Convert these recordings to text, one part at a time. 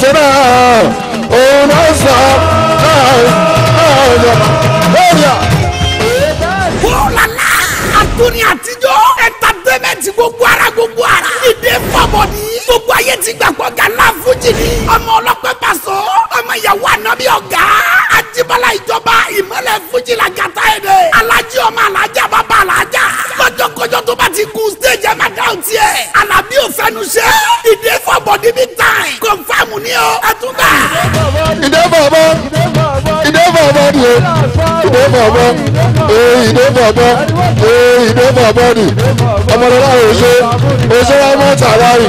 sọ́nà òun náà sọ wọ́ọ̀lọ́lá àtúnyẹ àtijọ́ ẹ̀ńtàtẹ́mẹ̀tì gbogbo ara gbogbo ara ìdè fọ́bọ̀dì gbogbo ayé ti gbàgbọ́ gàlá fújì ni ọmọ ọlọ́pẹ́ pàṣọ ọmọ ìyàwó ànábì ọ̀gá ajibala ìjọba ìmọ̀lẹ̀ fújì la gàtá alájí ọmọ alájà bàbá tó bá ti kú stage ẹ̀ máa dáhùn tiẹ̀. alábí ò fẹnu ṣe. ìdè fọ̀bọ̀ níbi tàn. confam ni o. ẹ tún bá. ìdè bọ̀bọ̀. ìdè bọ̀bọ̀ bọ̀bọ̀ ni o ìdè bọ̀bọ̀ ee ìdè bọ̀bọ̀ ee ìdè bọ̀bọ̀ ni ọmọdéla oṣó oṣó ọmọ tàwárì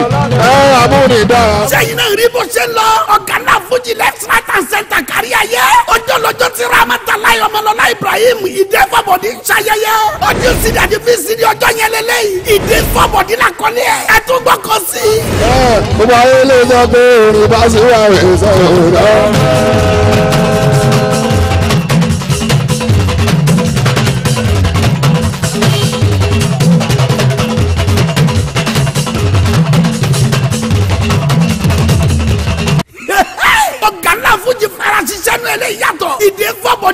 ẹ amúni dára. sẹ́yìn náà rí bó ṣe lọ ọ̀gá náà fújì lẹ́sìnà tán sẹ́ńtà kárí ayé ọjọ́ lọ́jọ́ ti Ramatalai ọmọlọ́lá Ibrahim ìdè bọ̀bọ̀ ni ń ṣayẹyẹ ọjọ́ sídìí àti fi sídìí ọjọ́ yẹn lélẹ́yìí ìdè bọ̀bọ̀ ni làkọ́lé ẹ̀ ẹ̀ tún gbọ́kọ̀ sí i. ẹ gbogbo ayé lè sọ pé orin bá sí wà rè sọ̀rọ̀ náà.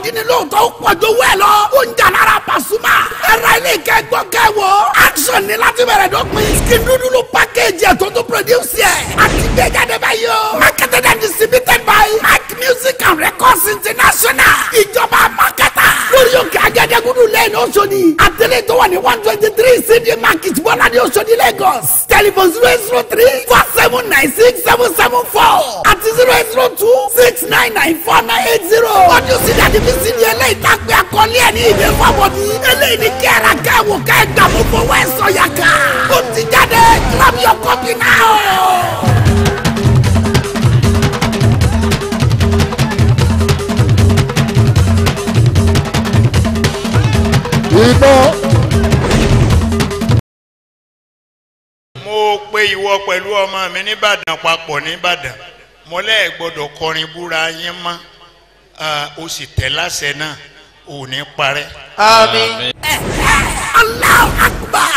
ìtọ́jú ni lóòótọ́ ó pọ̀jù owó ẹ̀ lọ. ó ń jà lára Pasuma. ẹ̀rọ ilé ìkẹ́ gbọ́ action ni láti bẹ̀rẹ̀ dọ́pin. skin dúdú ló package ẹ̀ tó tó produce ẹ̀. a ti gbé jáde báyìí o. and distributed by Mac Music and Records International. ìjọba marketer. lórí òkè Ajẹ́dẹ́gúdú lẹ́yìn Òṣòdì. àtẹlẹ́tọ̀ wà ní one twenty three CD market bọ́ ìpàdé Òṣòdì Lagos telephone zero eight zero three four seven nine six seven seven four àti zero eight zero two six nine nine four nine eight zero. wọ́n ti sí dàdí fi sí ní eléyìí tá a pè àkọlé ẹ̀ ní ìwé fọ́bọ̀dì eléyìí ní kẹ́ra kẹ́wò kẹ́gbà gbogbo wẹ́sọ̀ yàtà ó ti jáde drop your copy now. ìbọn. pé ìwọ pẹ̀lú ọmọ mi nìbàdàn papọ̀ nìbàdàn mọ́lẹ́ gbọ́dọ̀ kọrin búra yín mọ́ o sì tẹ̀ láṣẹ náà ò ní parẹ́. àmín. Eh, eh, Allahu Akbar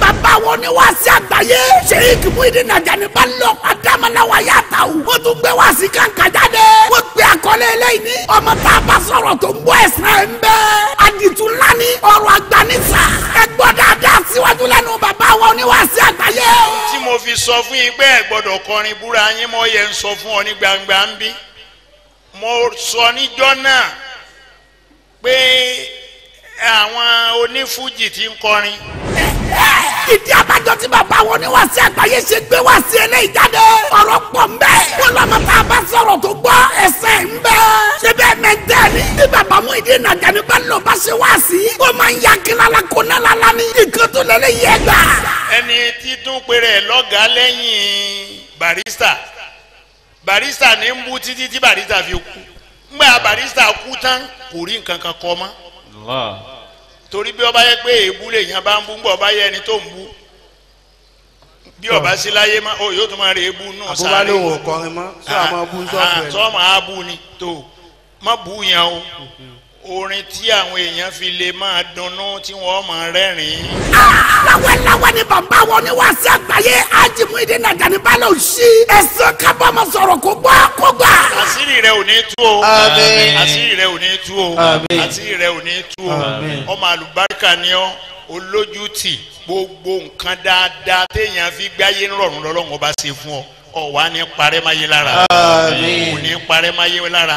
bàbá wọn ni wá sí àgbáyé. sheik muhidin najani balọ̀ adamalawa yàtọ̀ o. tún gbé wá sí kankan jáde. ó àkọlé eléyìí ní ọmọ tá a bá sọ̀rọ̀ tó ń bọ́ ẹ̀sìn ẹ̀ ń bẹ́ẹ̀. àdìtú ńlá ní ọ̀rọ̀ àgbanisà. ẹ gbọ́ dáadáa síwájú lẹ́nu bàbá wa oníwàásí àgbáyé. tí mo fi sọ fún yín pé ẹ gbọ́dọ̀ kọrin búra yín mo yẹ ń sọ fún ọ ní gbangba ń bí mo sọ níjọ́ náà pé àwọn onífújì tí ń kọrin. ìdí abájọ tí bàbá wọn ní wá sí àgbáyé ṣe gbé wá sí eléyìí jáde. ọ̀rọ̀ pọ̀ ń bẹ́. wọn lọ́mọ tá a bá sọ̀rọ̀ tó gbọ́ ẹsẹ̀ ń bẹ́. ṣé bẹ́ẹ̀ mẹ́tẹ́ẹ̀lì. bí bàbá mú ìdí ìnàjà ní bá lọ bá ṣe wá sí. ó máa ń ya kílála kó nála la ní. nǹkan tó lẹ́lẹ́ yẹ gbà. ẹni títún péré lọ́gàá lẹ́yìn barista barista ní ń bú títí tí barista fi kú ngbà barista kú tán kò rí nǹkan kan kọ mọ́ torí bí ọba yẹ pé èébú lè yan bá ń bú ń ọba yẹ ẹni tó ń bú bí ọba sí láyé má o yóò tún máa rè é nù sáré àbúrò ló kọrin mọ́ sọ àmọ́ bú sọ́ọ̀bù orin tí àwọn èèyàn fi lè máa dunnú tí wọ́n máa rẹ́rìn-ín. Ah, ni bàbá wọn ní wàásù àgbáyé ajimuide nàgàní balẹ̀ òsì. ẹ̀sán kábọ̀ sọ̀rọ̀ kó gbọ́ kó gbà. àṣírí rẹ ò ní tú o. àṣírí rẹ ò ní tú o. àṣírí rẹ ò ní tú o. ọmọ àlùbáríkà ni ọ́ olójútì gbogbo nǹkan dáadáa téèyàn fi gbáyé ńlọrùn lọ́lọ́run ọba ṣe fún ọ ọ̀wá ní parẹ́ máa yé lára kò ní parẹ́ máa yé lára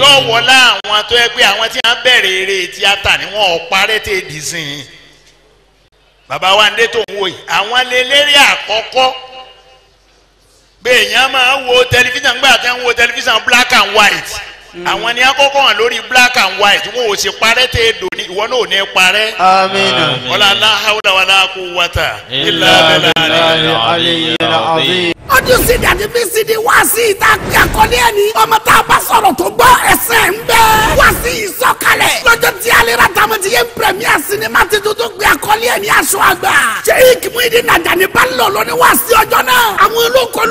yóò wọlé àwọn tó yẹ pé àwọn tí wọ́n bẹ̀rẹ̀ eré tíátà ni wọ́n parẹ́ tè dì sí i bàbá wa ń dé tó ń wò yìí àwọn lélẹ́rìí àkọ́kọ́ bẹ́ẹ̀ yẹn máa wo tẹlifíṣàn gbà tẹ́ ń wo tẹlifíṣàn black and white. Mm. àwọn ni akọ́kọ́ hàn lórí black and white wọn ò sì parẹ́ tẹ́ ẹ dòní ìwọ náà ò ní parẹ́. amina. wala la hawla wala quwwata. illa billahi aliyyil azim. ọdún sí dàdí bí sídi wá sí ìta kẹ́kọ̀ọ́ ní ẹni. ọmọ tá a bá sọ̀rọ̀ tó gbọ́ ẹsẹ̀ ń bẹ́. wá ìsọkalẹ̀. lọ́jọ́ tí alera tamu ti yé pẹ̀míà sinimá ti tuntun gbé akọ́lé ẹni aṣọ àgbà. sheikh muhyiddin najani balọ̀ lóní wá sí ọjọ́ náà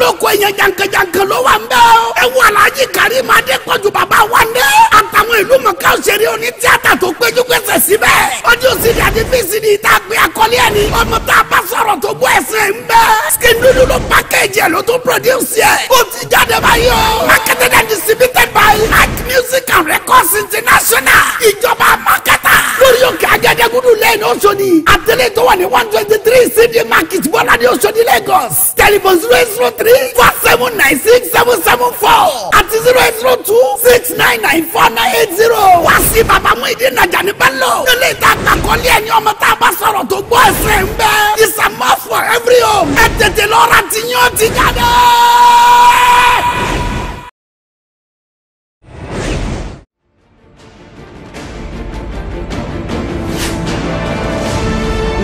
olóko yẹn jankajanka ló wà ń bẹ́ o. ẹ wọ aláàjì Karim Adépọ̀jù Baba wa ń dẹ́. àtàwọn ìlú mọ̀ká òṣèré oní tíátà tó péjú pèsè síbẹ̀. ọjọ́ òsìlẹ̀ àti fèsì ni ìta gbé akọ́lé ẹ̀ ni. ọmọ tá a bá sọ̀rọ̀ tó bọ́ ẹ̀sẹ̀ ń bẹ́. skin dúdú ló pàkéjì ẹ̀ ló tó produce ẹ̀. ó ti jáde báyọ̀. marketed and distributed by Art Music and Records International. ìjọba marketer. Glorious Kagadagudu lẹ́yìn Oṣodi. Àtẹ̀lé tó wà ní one twenty three CD Market Bọ́lá ní Oṣodi Lagos. Telephone zero eight zero three four seven nine six seven seven four àti zero eight zero two six nine nine four nine eight zero. Wá sí bàbá mú ìdí ìnajà ní Bello. Nílé ìta àgbàkọ́lé ẹni ọmọ tá a bá sọ̀rọ̀ tó gbọ́ ẹsẹ̀ ń bẹ́. It's a must for every home. Ẹ tètè lọ́ra tiyán tijá dẹ́.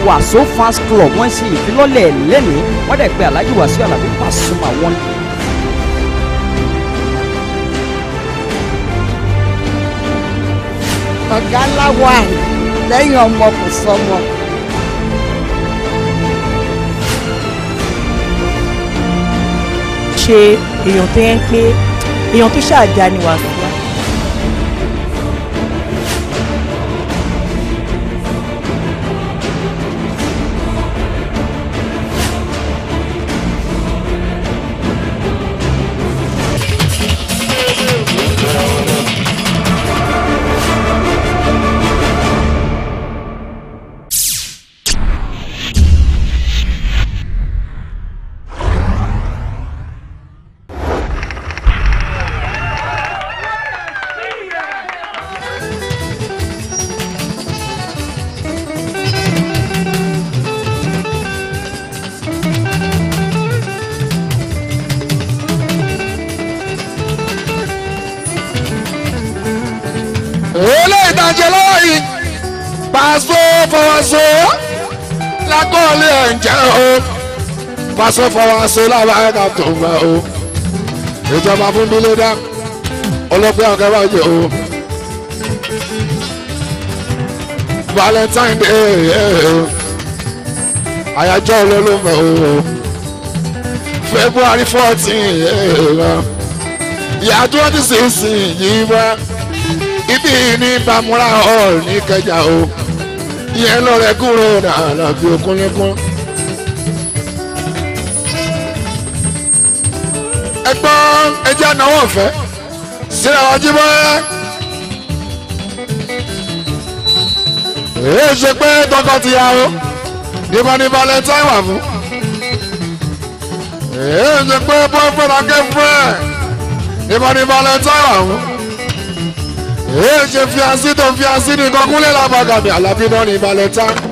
wàsó fans club wọ́n ṣe ìfilọ́lẹ̀ lẹ́nu wọ́n dẹ̀ pé Alhaji Wasiu Alabi Pasuma wọn. ọ̀gá ńlá wà lẹ́yìn ọmọ kò sọmọ. ṣe èèyàn tó yẹn pé èèyàn tó ṣáà já ni wàásù wa. ìjọba sọ fọwọ́ ṣe lábàárẹ̀ ká tó dá ọlọ́pẹ́ ọ̀gá bá jẹ o Valentine Day àyájọ́ olólùfẹ́ o February fourteen ìyá twenty six yìí wá ibi ní Bamura hall ní Ìkẹjà o ìyẹn lọ rẹ kúrò nàlàbí okúnlẹ́kún. gbọ́ ẹjẹ́ ànáwó ọ̀fẹ́ sílẹ̀ wájú bọ́ẹ́. èyí ṣe pé tọkọtìyàwó nípa ní valentine wà fún. èyí ṣe pé boyfriend akẹ́fẹ́ nípa ní valentine wà fún. èyí ṣe fiancé tó fiancé ní kọkúnlé làbàgàmì àlàbí náà ní valentine.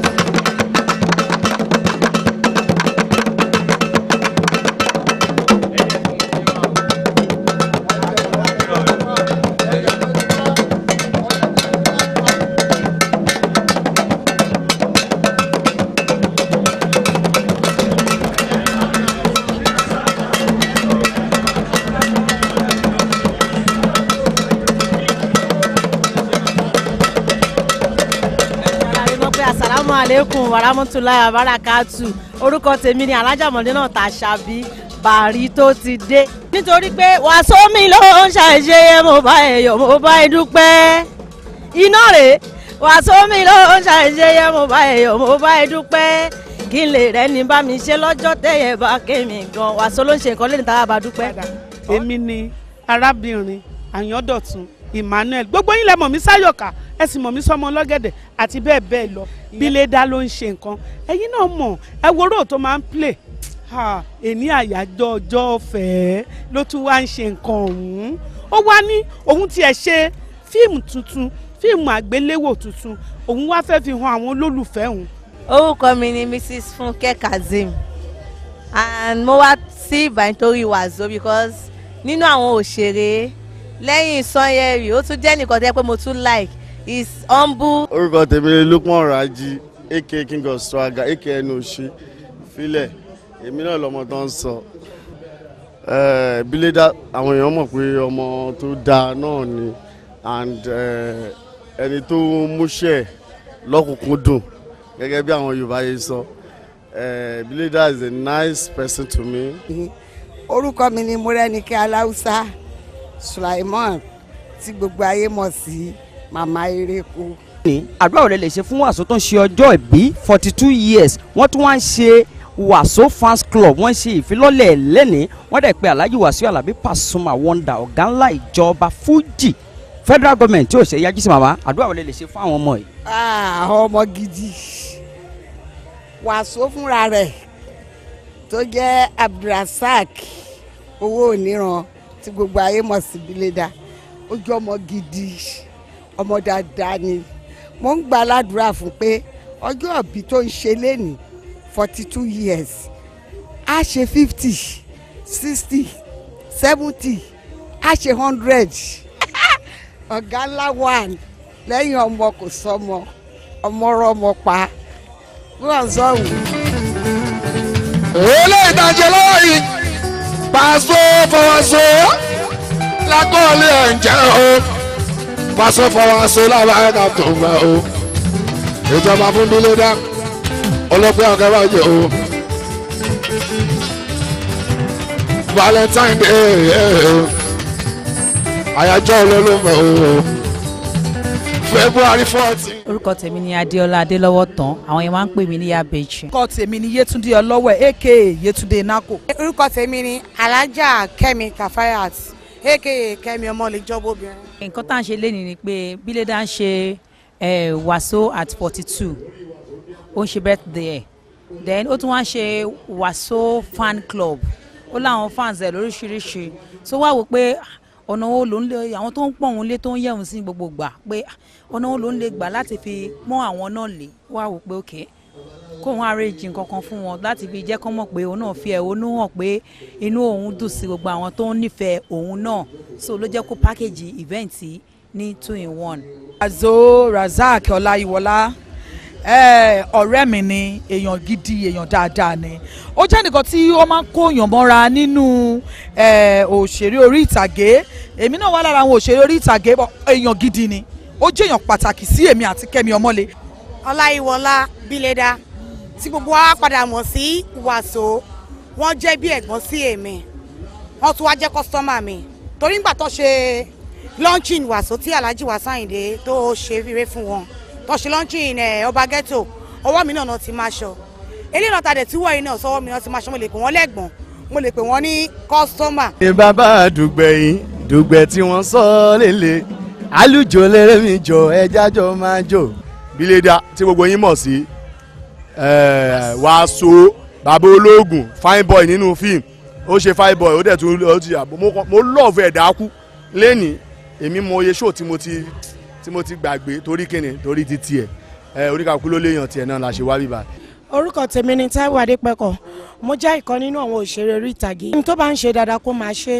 warahmatulahi abarakatu orúkọ tèmi ni alájà mọ̀dínà tàṣàbí bàrí tó ti dé. nítorí pé wàásù mi ló ń ṣàìṣe mo bá ẹyọ mo bá ẹ iná rèé wàásù mi ló ń ṣàìṣe mo bá ẹyọ mo bá ẹ kí n lè rẹ́ni bá mi ṣe lọ́jọ́ tẹ̀yẹ̀ bá kémi gan wàásù ló ń ṣe nǹkan lẹ́ni tá dúpẹ́. èmi ni arábìnrin àyàndọ̀tun Emmanuel gbogbo yín lẹ mọ̀ mí sáyọ̀ká ẹ sì mọ̀ mí sọmọ ọlọ́gẹ̀dẹ̀ àti bẹ́ẹ̀ bẹ́ẹ̀ lọ bíléda ló ń ṣe nǹkan ẹ̀yin náà mọ̀ ẹ woró tó máa ń play èní àyájọ́ ọjọ́ ọ̀fẹ́ ló tún wá ń ṣe nǹkan ọ̀hún ó wá ní òun tiẹ̀ ṣe fíìmù tuntun fíìmù àgbéléwò tuntun òun wá fẹ́ fi hàn àwọn olólùfẹ́ òun. orúkọ mi ni Mrs. Funke Kazeem and mo wá sí Ìbàdàn torí wàzó because nínú àwọn òṣèré lẹ́yìn Sanyeri ó tún jẹ́ nìkan tẹ́ pé mo tún like is humble. orúkọ tèmi Lukman Raji aka king of swagger aka ẹnu òṣì filẹ̀ èmi náà lọmọ tó ń sọ bílédà àwọn èèyàn mọ̀ pé ọmọ tó dáa náà ni and ẹni tó múṣẹ́ lọ́kùnkúndùn gẹ́gẹ́ bí àwọn Yorùbá yìí sọ bílédà is a nice person to me. orúkọ mi ni Mọ́rẹ́nikẹ́ Aláùsá. Sulaiman tí gbogbo ayé mọ̀ sí màmá eréko. àdúrà òrẹ́ lè ṣe fún wàsó tó ń ṣe ọjọ́ ìbí forty two years wọ́n tún wá ń ṣe wàsó fans club wọ́n ṣe ìfilọ́lẹ̀ lẹ́nìí wọ́n dẹ̀ pe Alhaji Wasiu Alabi Pasuma wonder ọ̀gá ńlá ìjọba Fuji federal government tí ò ṣe yájú sí màmá àdúrà òrẹ́ lè ṣe fún àwọn ọmọ yìí. Ah, àwọn ọmọ gidi wàsó fúnra rẹ̀ tó jẹ́ Abdulrasaq owó oníran tí gbogbo ayé mọ̀ sí Bíléda ó jẹ́ ọmọ gidi ọmọ dáadáa ni mo ń gba aládùúrà fún pé ọjọ́ òbí tó ń ṣe lénìí forty two years á ṣe fifty sixty seventy á ṣe hundred ọ̀gá ńlá wà lẹ́yìn ọmọ kò sọmọ ọmọ rọmọ pa wọ́n sọ̀rọ̀. olè ìtajà lọ́wọ́ yìí. Paso fọwọ́so lákọ̀ọ́lé ẹ̀ǹjẹ́ o Paso fọwọ́so lábàáyà e tó ń bẹ o ìjọba fún dúró dá ọlọ́pẹ́ ọ̀gá bàjẹ́ o Valentine Day àyájọ́ eh, eh, eh. olólùfẹ́ o. February fourteen. orúkọ tèmi ni Adéọlá Adélọ́wọ́ tán àwọn yẹn máa ń pè mí ní Yabeji. orúkọ tèmi ni Yétúndé Ọlọ́wọ̀ aka Yétúndé Nako. orúkọ tèmi ni Alájà Kẹ́mi Kafayat aka Kẹ́mi ọmọlẹ́jọ́bọ obìnrin. nǹkan tá à ń ṣe lénìí ni pé Bílédà ń ṣe wàsó at forty two ó ń ṣe birthday ẹ̀ then ó tún wá ń ṣe wàsó fan club ó láwọn fans ẹ̀ lóríṣiríṣi tó wá wò pé ọ̀nà wo ló ń lé àwọn tó ń pọ̀ òun lé tó ń yẹ̀hún sí gbogbo gbà pé ah, ọ̀nà wo ló ń lè gbà láti fi mọ́ àwọn náà lè wá wò pé òkè kó wọn arrange nǹkan kan fún wọn láti fi jẹ́ kán mọ̀ pé òun náà fi ẹ̀hónú hàn pé inú òun dùn sí gbogbo àwọn tó ń nífẹ̀ẹ́ òun náà so ló jẹ́ kó package event ní two in one. Razo Razak Ọláyíwọlá ọ̀rẹ́ mi ni èèyàn gidi èèyàn dáadáa ni ó jẹ́ nìkan tí ó máa ń kó èèyàn mọ́ra nínú òṣèré orí ìtàgé èmi náà wà lára àwọn òṣèré orí ìtàgé èèyàn gidi ni ó jẹ́ èèyàn pàtàkì sí èmi àti Kẹ́mi Ọmọlé. Ọláyíwọlá Bílédá tí gbogbo wa padà mọ̀ sí Wàsó wọ́n jẹ́ bí ẹ̀gbọ́n sí èmi wọ́n tún wá jẹ́ kọ́sítọ́mà mi torí ńgbà tó ṣe launching Wàsó tí Alhaji Wasiu Ayinde tó ṣe fire fún wọn tó ṣe lọ́ńchì ọba eh, ghetto ọwọ́ mi náà ti máa ṣọ eléyìí náà tàdé tí wọ́n yìí náà sọ́wọ́ mi náà ti máa ṣọ mo lè pè wọ́n lẹ́gbọ̀n mo lè pè wọ́n ní kọ́sítọ́mà. ní bàbá àdùgbẹ̀ yìí dùgbẹ̀ tí wọ́n sọ lélẹ̀ alùjọ lẹ́rẹ́ mi jọ ẹja jọ máa jọ. bíléda tí gbogbo yín mọ̀ sí wàásù bàbá ológun fine boy nínú fíìmù ó ṣe fine boy ó dẹ̀ tún ó ti yà mo lọ́ọ̀fù ẹ̀dá kú lẹ́nìí èmi mọ iye ṣó tí mo ti tí mo ti gbàgbé torí kíni torí ti tiẹ̀ ẹ oríkàkú ló léèyàn tiẹ̀ náà la ṣe wá bíbá. orúkọ tèmi ni Táíwò Adépẹ̀kọ̀ mo jẹ́ ìkan nínú àwọn òṣèré orí ìtàgé ẹni tó bá ń ṣe dáadáa kó máa ṣe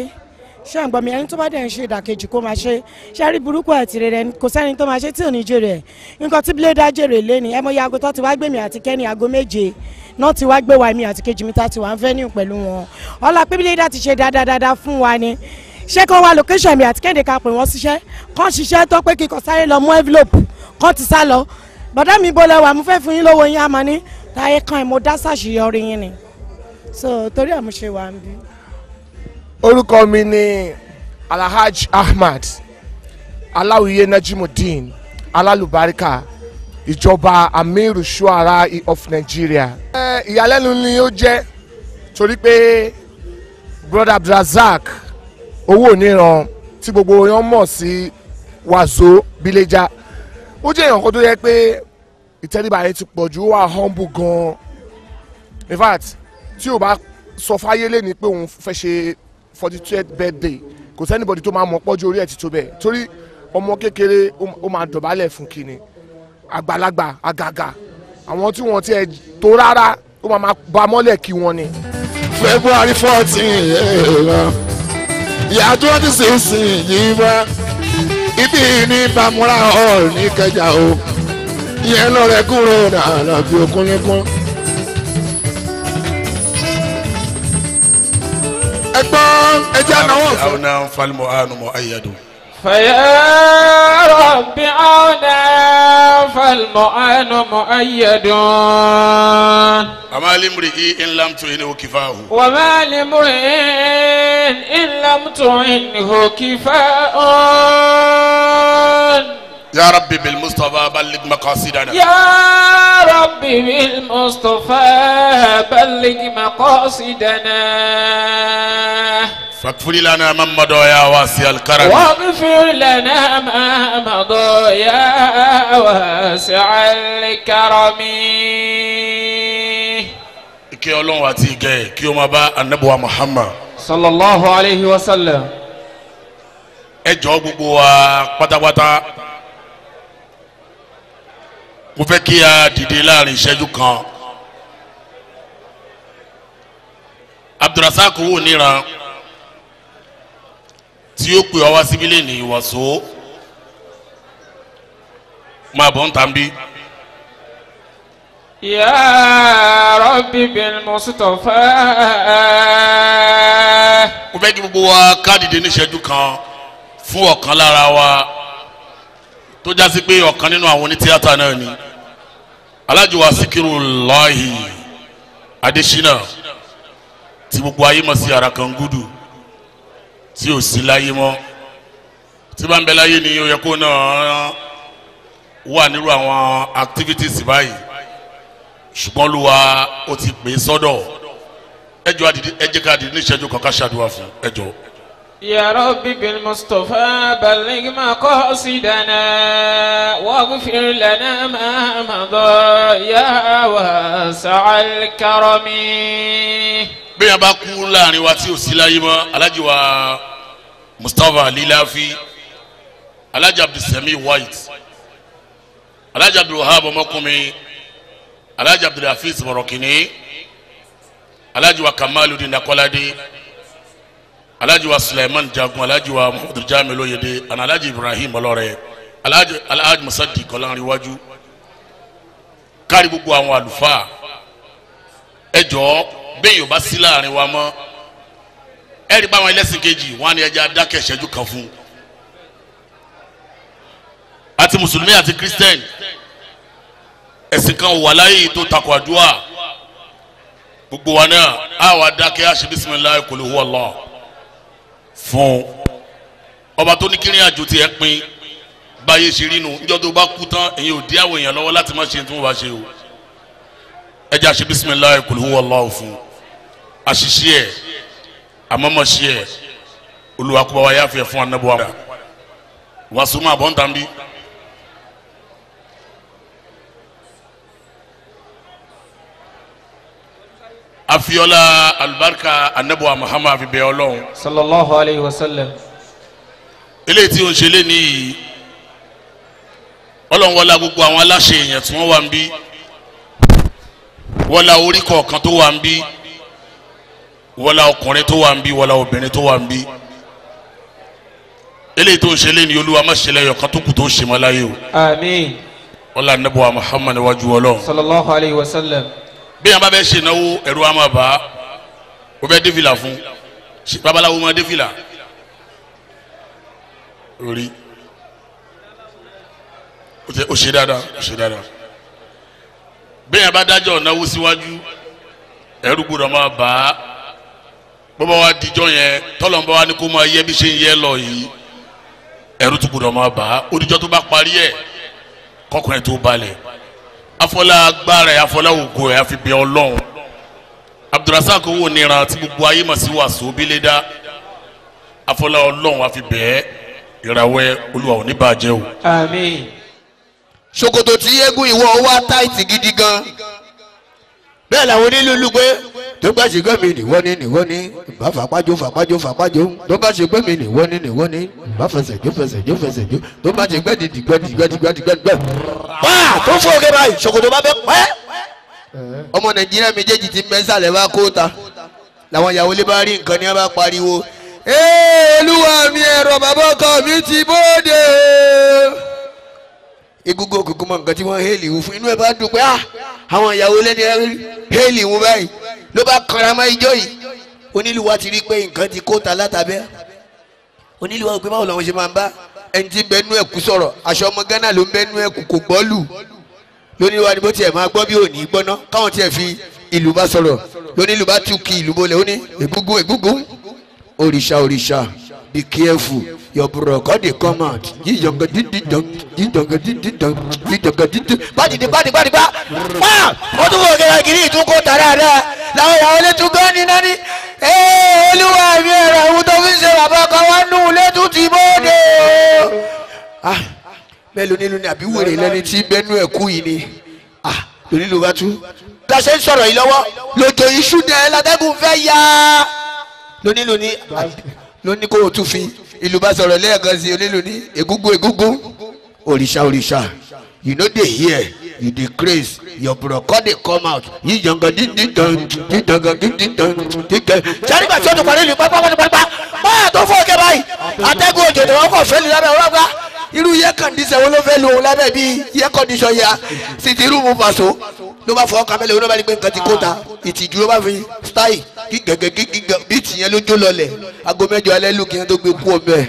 ṣé ẹ̀ ń gbọ́ mi ẹni tó bá dẹ̀ ń ṣe ìdàkejì kó máa ṣe ṣe rí burúkú àti rere kò sẹ́ni tó máa ṣe tí ò ní jèrè ẹ̀ nǹkan tí bíléda jèrè lé ẹ mọ iye aago tó ti wá gbé mi àti kẹ́ni aago méje náà ti wá gbé wa mi àti kejì mi ta ti wà ń fẹ́ ní pẹ̀lú wọn ọlá pé bíléda ti ṣe dáadáa fún wa ni ṣé kán wá location mi àti kéde ká pè wọ́n ṣiṣẹ́ kán ṣiṣẹ́ tó pé kíkọ sáré lọ mú envelope kán ti sá lọ bọ̀dá mi bọ́lẹ̀ wà mo fẹ́ fún yín lówó yín àmọ́ ní táyé kan mo dá sàṣeyọrí yín ni so torí ẹ̀ mo ṣe wà ń bí. orúkọ mi ni alhaji ahmad aláwìyé najimudeen alálùbáríkà ìjọba amir shuara of nigeria. ìyàlẹ́nu ni ó jẹ́ torí pé brother abdulrasaq owó oníran tí gbogbo wọn mọ̀ sí wàzó bíléjà ó jẹ́ èèyàn kan tó yẹ pé ìtẹríba rẹ̀ ti pọ̀jù ó wà humble gan-an in fact tí o bá sọ fáyé lé ní pé òun fẹ́ ṣe forty two birthday kò sẹ́nibọ̀dì tó máa mọ̀ pọ́jú orí ẹ̀ ti tó bẹ́ẹ̀ torí ọmọ kékeré ó máa dọ̀bálẹ̀ fún kínní àgbàlagbà àgàgà àwọn tí wọ́n ti ẹ̀ tó rárá ó máa máa mọ́lẹ̀ kí wọ́n ni. February fourteen ìyá ti sísìn yìí wá ibi ní bamura hall ní kẹjà o ìyẹn lọ rẹ kúrò nàlọ bí okúnlẹkùn. ẹgbọ́n ẹja náà wọ̀ fún. àwọn náà ń falimọ̀ àánú mọ̀ ayélujára. فيا رب عونا فالمؤن مؤيد وما لامرئ إن لم تعنه كفاه وما لامرئ إن لم تعنه كفاه يا ربي بالمصطفى بلغ مقاصدنا يا ربي بالمصطفى بلغ مقاصدنا فاغفر لنا ما مضى يا واسع الكرم واغفر لنا ما مضى يا واسع الكرم kí ọlọ́run àti ìgẹ̀ kí ó máa bá anabuwa muhammad. sallallahu alayhi wa sallam. ẹ jọ gbogbo wa pátápátá mo fẹ́ kí a dìde láàrin ìṣẹ́jú kan abdulrasaq wò níran tí ó pè ọ wá síbí lè ní ìwọ̀só máa bọ̀ ń tàn bí. Ya Rabbi bil Mustafa. mo fẹ́ kí gbogbo wa ká dìde ní ìṣẹ́jú kan fún ọ̀kan lára wa tó jásí pé ọ̀kan nínú àwọn onítìátà náà ni Alhaji wa Sikirullahi Adesina tí gbogbo ayé mọ̀ sí Arakangudu tí ò sí láyé mọ́ tí bá ń bẹ láyé ni ó yẹ kó náà wà nírú àwọn activities báyìí ṣùgbọ́n Olúwa ó ti pè é sọ́dọ̀ ẹjọ́ ẹ jẹ́ ká di ní ìṣẹ́jú ṣàdúrà fún ẹjọ́. يا رب بالمصطفى بلغ مقاصدنا واغفر لنا ما مضى يا واسع الكرم bí a bá kú láàrin wa tí ò sí láyé mọ́ alájí wa mustapha lilafi alájí abdulsami white alájí abdulwahab ọmọkùnrin alájí abdulhafiz mọ̀rọ̀kìnní alájí wa kamalu dinakolade alhaji wa suleiman jagun alhaji wa muhammadu jamiu lóyèdè àná alhaji ibrahim ọlọrẹ alhaji alhaji musadi kọlánriwájú kárí gbogbo àwọn àlùfáà ẹ jọ̀ọ́ bẹ́ẹ̀ yóò bá sí láàrin wa mọ́ ẹ báwọn ẹlẹ́sìn kejì wọn ni ẹja dákẹ́ ìṣẹ́jú kan fún un àti mùsùlùmí àti christian ẹ̀sìn kan wà láyé tó takò àdúrà gbogbo wa náà àwa dákẹ́ àṣẹ bisimilayi kò lè hu Allah fún ọba tó ní kírin àjò tiẹ̀ pin báyé ṣe rí nu níjọ́ tó bá kú tán èyí ò dí àwọn èèyàn lọ́wọ́ láti má ṣe tí wọ́n bá ṣe o ẹ jẹ́ bisimilayi kul huwa Allahu fún àṣìṣe ẹ̀ àmọ́mọ́ṣe ẹ̀ olùwàkúbáwá yáfẹ́ fún anábọ́wá wàásù máa bọ́ ń tàn bí. àfihàn alibarika anabuwa muhammad fi bẹ Ọlọ́run. sallallahu alayhi wa sallam. eléyìí tí o ṣe lé nìyí Ọlọ́run wọlá gbogbo àwọn aláṣẹ èèyàn tí wọ́n wà ń bí wọlá orí kọ̀ọ̀kan tó wà ń bí wọlá ọkùnrin tó wà ń bí wọlá obìnrin tó wà ń bí eléyìí tó ṣe lé ní olúwa má ṣe lẹ́yọ̀ kan tó kù tó ṣe mọ́ láyé o. àmín. wọlá anabuwa muhammad wájú Ọlọ́run. sallallahu alayhi wa sallam bí yàn bá fẹ́ ṣe náwó ẹ̀rù àmọ́ o fẹ́ défìlà fún babaláwo máa défìlà rí o ṣe dáadáa o ṣe dáadáa bí yàn bá dájọ́ náwó síwájú ẹ̀rù gbọ́dọ̀ máa bá bọ́bá wa dijọ́ yẹn tọ́lọ́mọba wa ni kó máa yẹ bí ṣe ń yẹ lọ yìí ẹ̀rù tó gbọ́dọ̀ máa bá odijọ́ tó bá parí ẹ̀ kọkùnrin tó balẹ̀ afọlá agbára ẹ afọlá ògo ẹ àfi bí Ọlọ́run abdulrasaq wo nira tí gbogbo ayé mà sí wàásù bílẹ̀ dá afọlá Ọlọ́run àfi bẹ́ẹ̀ ìràwẹ̀ olúwa ò ní o. àmín. ṣòkòtò tí eégún ìwọ wá táìtì gidi gan bẹ́ẹ̀ làwọn onílùú lùgbẹ́ tó bá ṣe gbẹ́mi nìwọ́ ní nìwọ́ ní ìbá fàpájó fàpájó fàpájó tó bá ṣe gbẹ́mi nìwọ́ ní nìwọ́ ní ìbá fẹsẹ̀ jó fẹsẹ̀ jó fẹsẹ̀ jó tó bá ṣe gbẹ́dì dìgbẹ́ dìgbẹ́ dìgbẹ́ dìgbẹ́ dìgbẹ́. wá tó fún oge báyìí ṣòkòtò bá bẹ pẹ́. ọmọ nàìjíríà méjèèjì ti mẹ́sàlẹ̀ wá kó ta làwọn ìyàwó lè bá rí nǹkan ní wọn bá pariwo. ee olúwa mi ẹ̀rọ bàbá ọkọ mi ti bóde. egungun òkùnkùn mọ nǹkan tí wọ́n hélì wù fún inú ẹ bá dùn pé ah, àwọn ìyàwó lẹ́ni hélì wù báyìí ló bá karamọ́ ijó yìí onílùú wa ti rí i pé nǹkan ti kó ta látàbẹ́ onílùú wa ò pé báwo làwọn ṣe máa ń bá ẹni tí ń bẹ nú ẹ̀kú sọ̀rọ̀ aṣọ ọmọ Ghana ló ń bẹ nú ẹ̀kú kò gbọ́ lù lónílùú wa ni bó tiẹ̀ máa gbọ́ bí òní gbọ́ná káwọn tiẹ̀ fi ìlú bá sọ̀rọ̀ lónílùú bá tún kí ìlú bolẹ̀ ó ní ègúngún ègúngún òrìṣà òrìṣà be careful your brother dey come out jíjọ̀ngà dídìjọ̀ jíjọ̀ngà dídìjọ̀ jíjọ̀ngà dídìjọ̀ bá dìde bá dìde bá dìde bá ó tún wọ̀ gẹ́gẹ́ kiri ìtúkọ̀ tàdáadáa làwọn ìyàwó létú gan níná ní ee olúwa mi ẹ̀rọ ohun tó fi ń ṣe bàbá ọkọ wa nù létú ti bóde o. Ah, bẹ́ẹ̀ ló nílùú ni àbí wèrè lẹ́ni tí bẹ́nu ẹ̀ kú yìí ni ah, lórí ló bá tú. bí a ṣe ń sọ̀rọ̀ yìí lọ́wọ́ lójó iṣu dẹ̀ látẹ́gùn fẹ́ ya lónílùú ni lóní kó tún fi ìlú bá sọ̀rọ̀ lẹ́ẹ̀kan sí onílùú ni egúngún egúngún òrìṣà òrìṣà you no dey hear you dey craze your broko dey come out yi jangan di di dan di dangan di di dan di dan. sari gbàtí o ti parí ìlú pápá pápá pápá báyà tó fọ́ ọ̀kẹ́ báyìí atẹ́gùn òjò ni wọ́n kọ̀ fẹ́ lu lábẹ́ ọ̀rọ̀ gbá irú yẹ kàndíṣẹ́ wo ló fẹ́ lu òun lábẹ́ bíi yẹ kọ́ndíṣọ́ yẹ sìtì rúùmù pàṣọ ló bá fọ ọkà mẹ́lẹ̀ ló bá ní pé nǹkan ti kó ta ìtìjú ló bá fi style kí gẹ̀gẹ̀ kí gẹ̀gẹ̀ bí tìyẹn ló jó lọlẹ̀ aago mẹ́jọ alẹ́ lù kí yẹn tó gbé kú ọmọ ẹ̀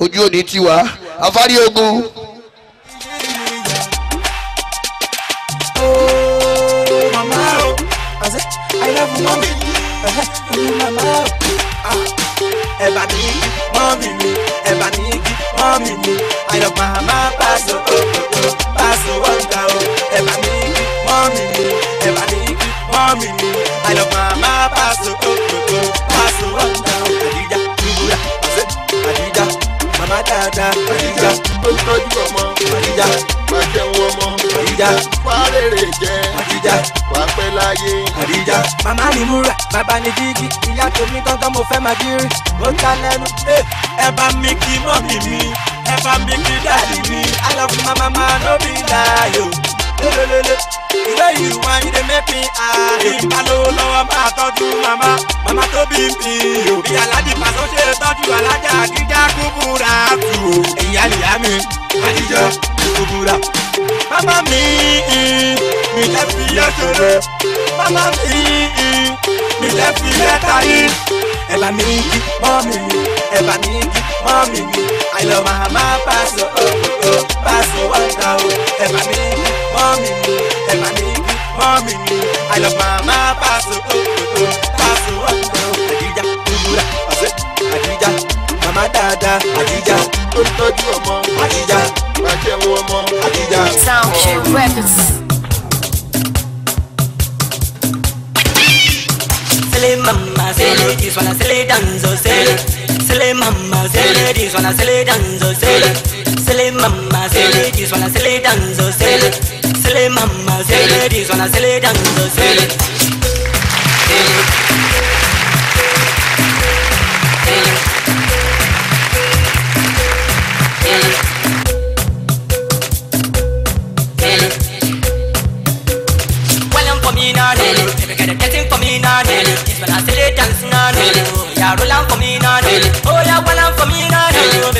ojú òní tiwa afárí ogun love mommy. Mama ẹ̀bà ní igi mọ́mì mi ẹ̀bà ní igi mọ́mì mi ayọ̀ màmá pàṣẹ òkòtò pàṣẹ wọ́ǹkà o ẹ̀bà ní igi mọ́mì mi ẹ̀bà ní igi mọ́mì mi ayọ̀ màmá pàṣẹ òkòtò pàṣẹ wọ́ǹkà o àdìjà dúbúrà ọ̀sẹ̀ àdìjà màmá dáadáa àdìjà tó tọ́jú ọmọ àdìjà má jẹun ọmọ àdìjà wàá rèrè jẹ àdìjà láyé. àdìjà màmá ni múra bàbá ni jígì ìyá tèmi gángan mo fẹ́ máa jírí ó ta lẹ́nu. Eh, ẹ bá mi kí mọ́mì mi ẹ bá mi kí dáàdì mi i love my mama no be lie o. Oh. lélelele ìwé yìí wá ní dey make me happy. ìbálòwò lọ́wọ́ máa tọ́jú màmá màmá tó bí mi o. bí aládì pàṣẹ ṣe tọ́jú alájà àdìjà kúkúrà tù o. èyí á lè yá mi àdìjà ṣubúra. Màmá mi mi lè fi yẹ ṣòro. Màmá mi mi lè fi yẹ kárí. Ẹ̀bà mi yí mọ́ mi mi, ẹ̀bà mi yí mọ́ mi mi. Àìlọ́ màmá pàṣọ òkòtò pàṣọ wọ́ta o. Ẹ̀bà mi yí mọ́ mi mi, ẹ̀bà mi yí mọ́ mi mi. Àìlọ́ màmá pàṣọ òkòtò. màmá dáadáa àdíjà tó ń tọ́jú ọmọ àdíjà àjẹwò ọmọ àdíjà. soundcheck records. sele mama sele this one sele danzo sele sele mama sele this one sele danzo sele sele mama sele this one sele danzo sele sele mama sele this one sele danzo sele.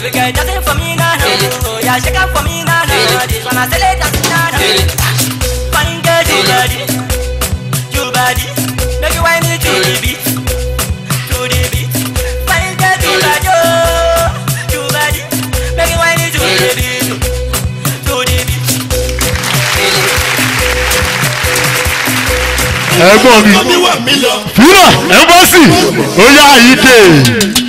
Baby girl, nothing for me now, Oh, yeah, shake up for me now, This one I sell it, that's not Fine girl, you body, you body. Make you wind me to the beat, to the you body, oh. you body. Make you wind me to the to the beat. ẹ̀gbọ́n mi fúnà ẹ bọ sí ó yá yìí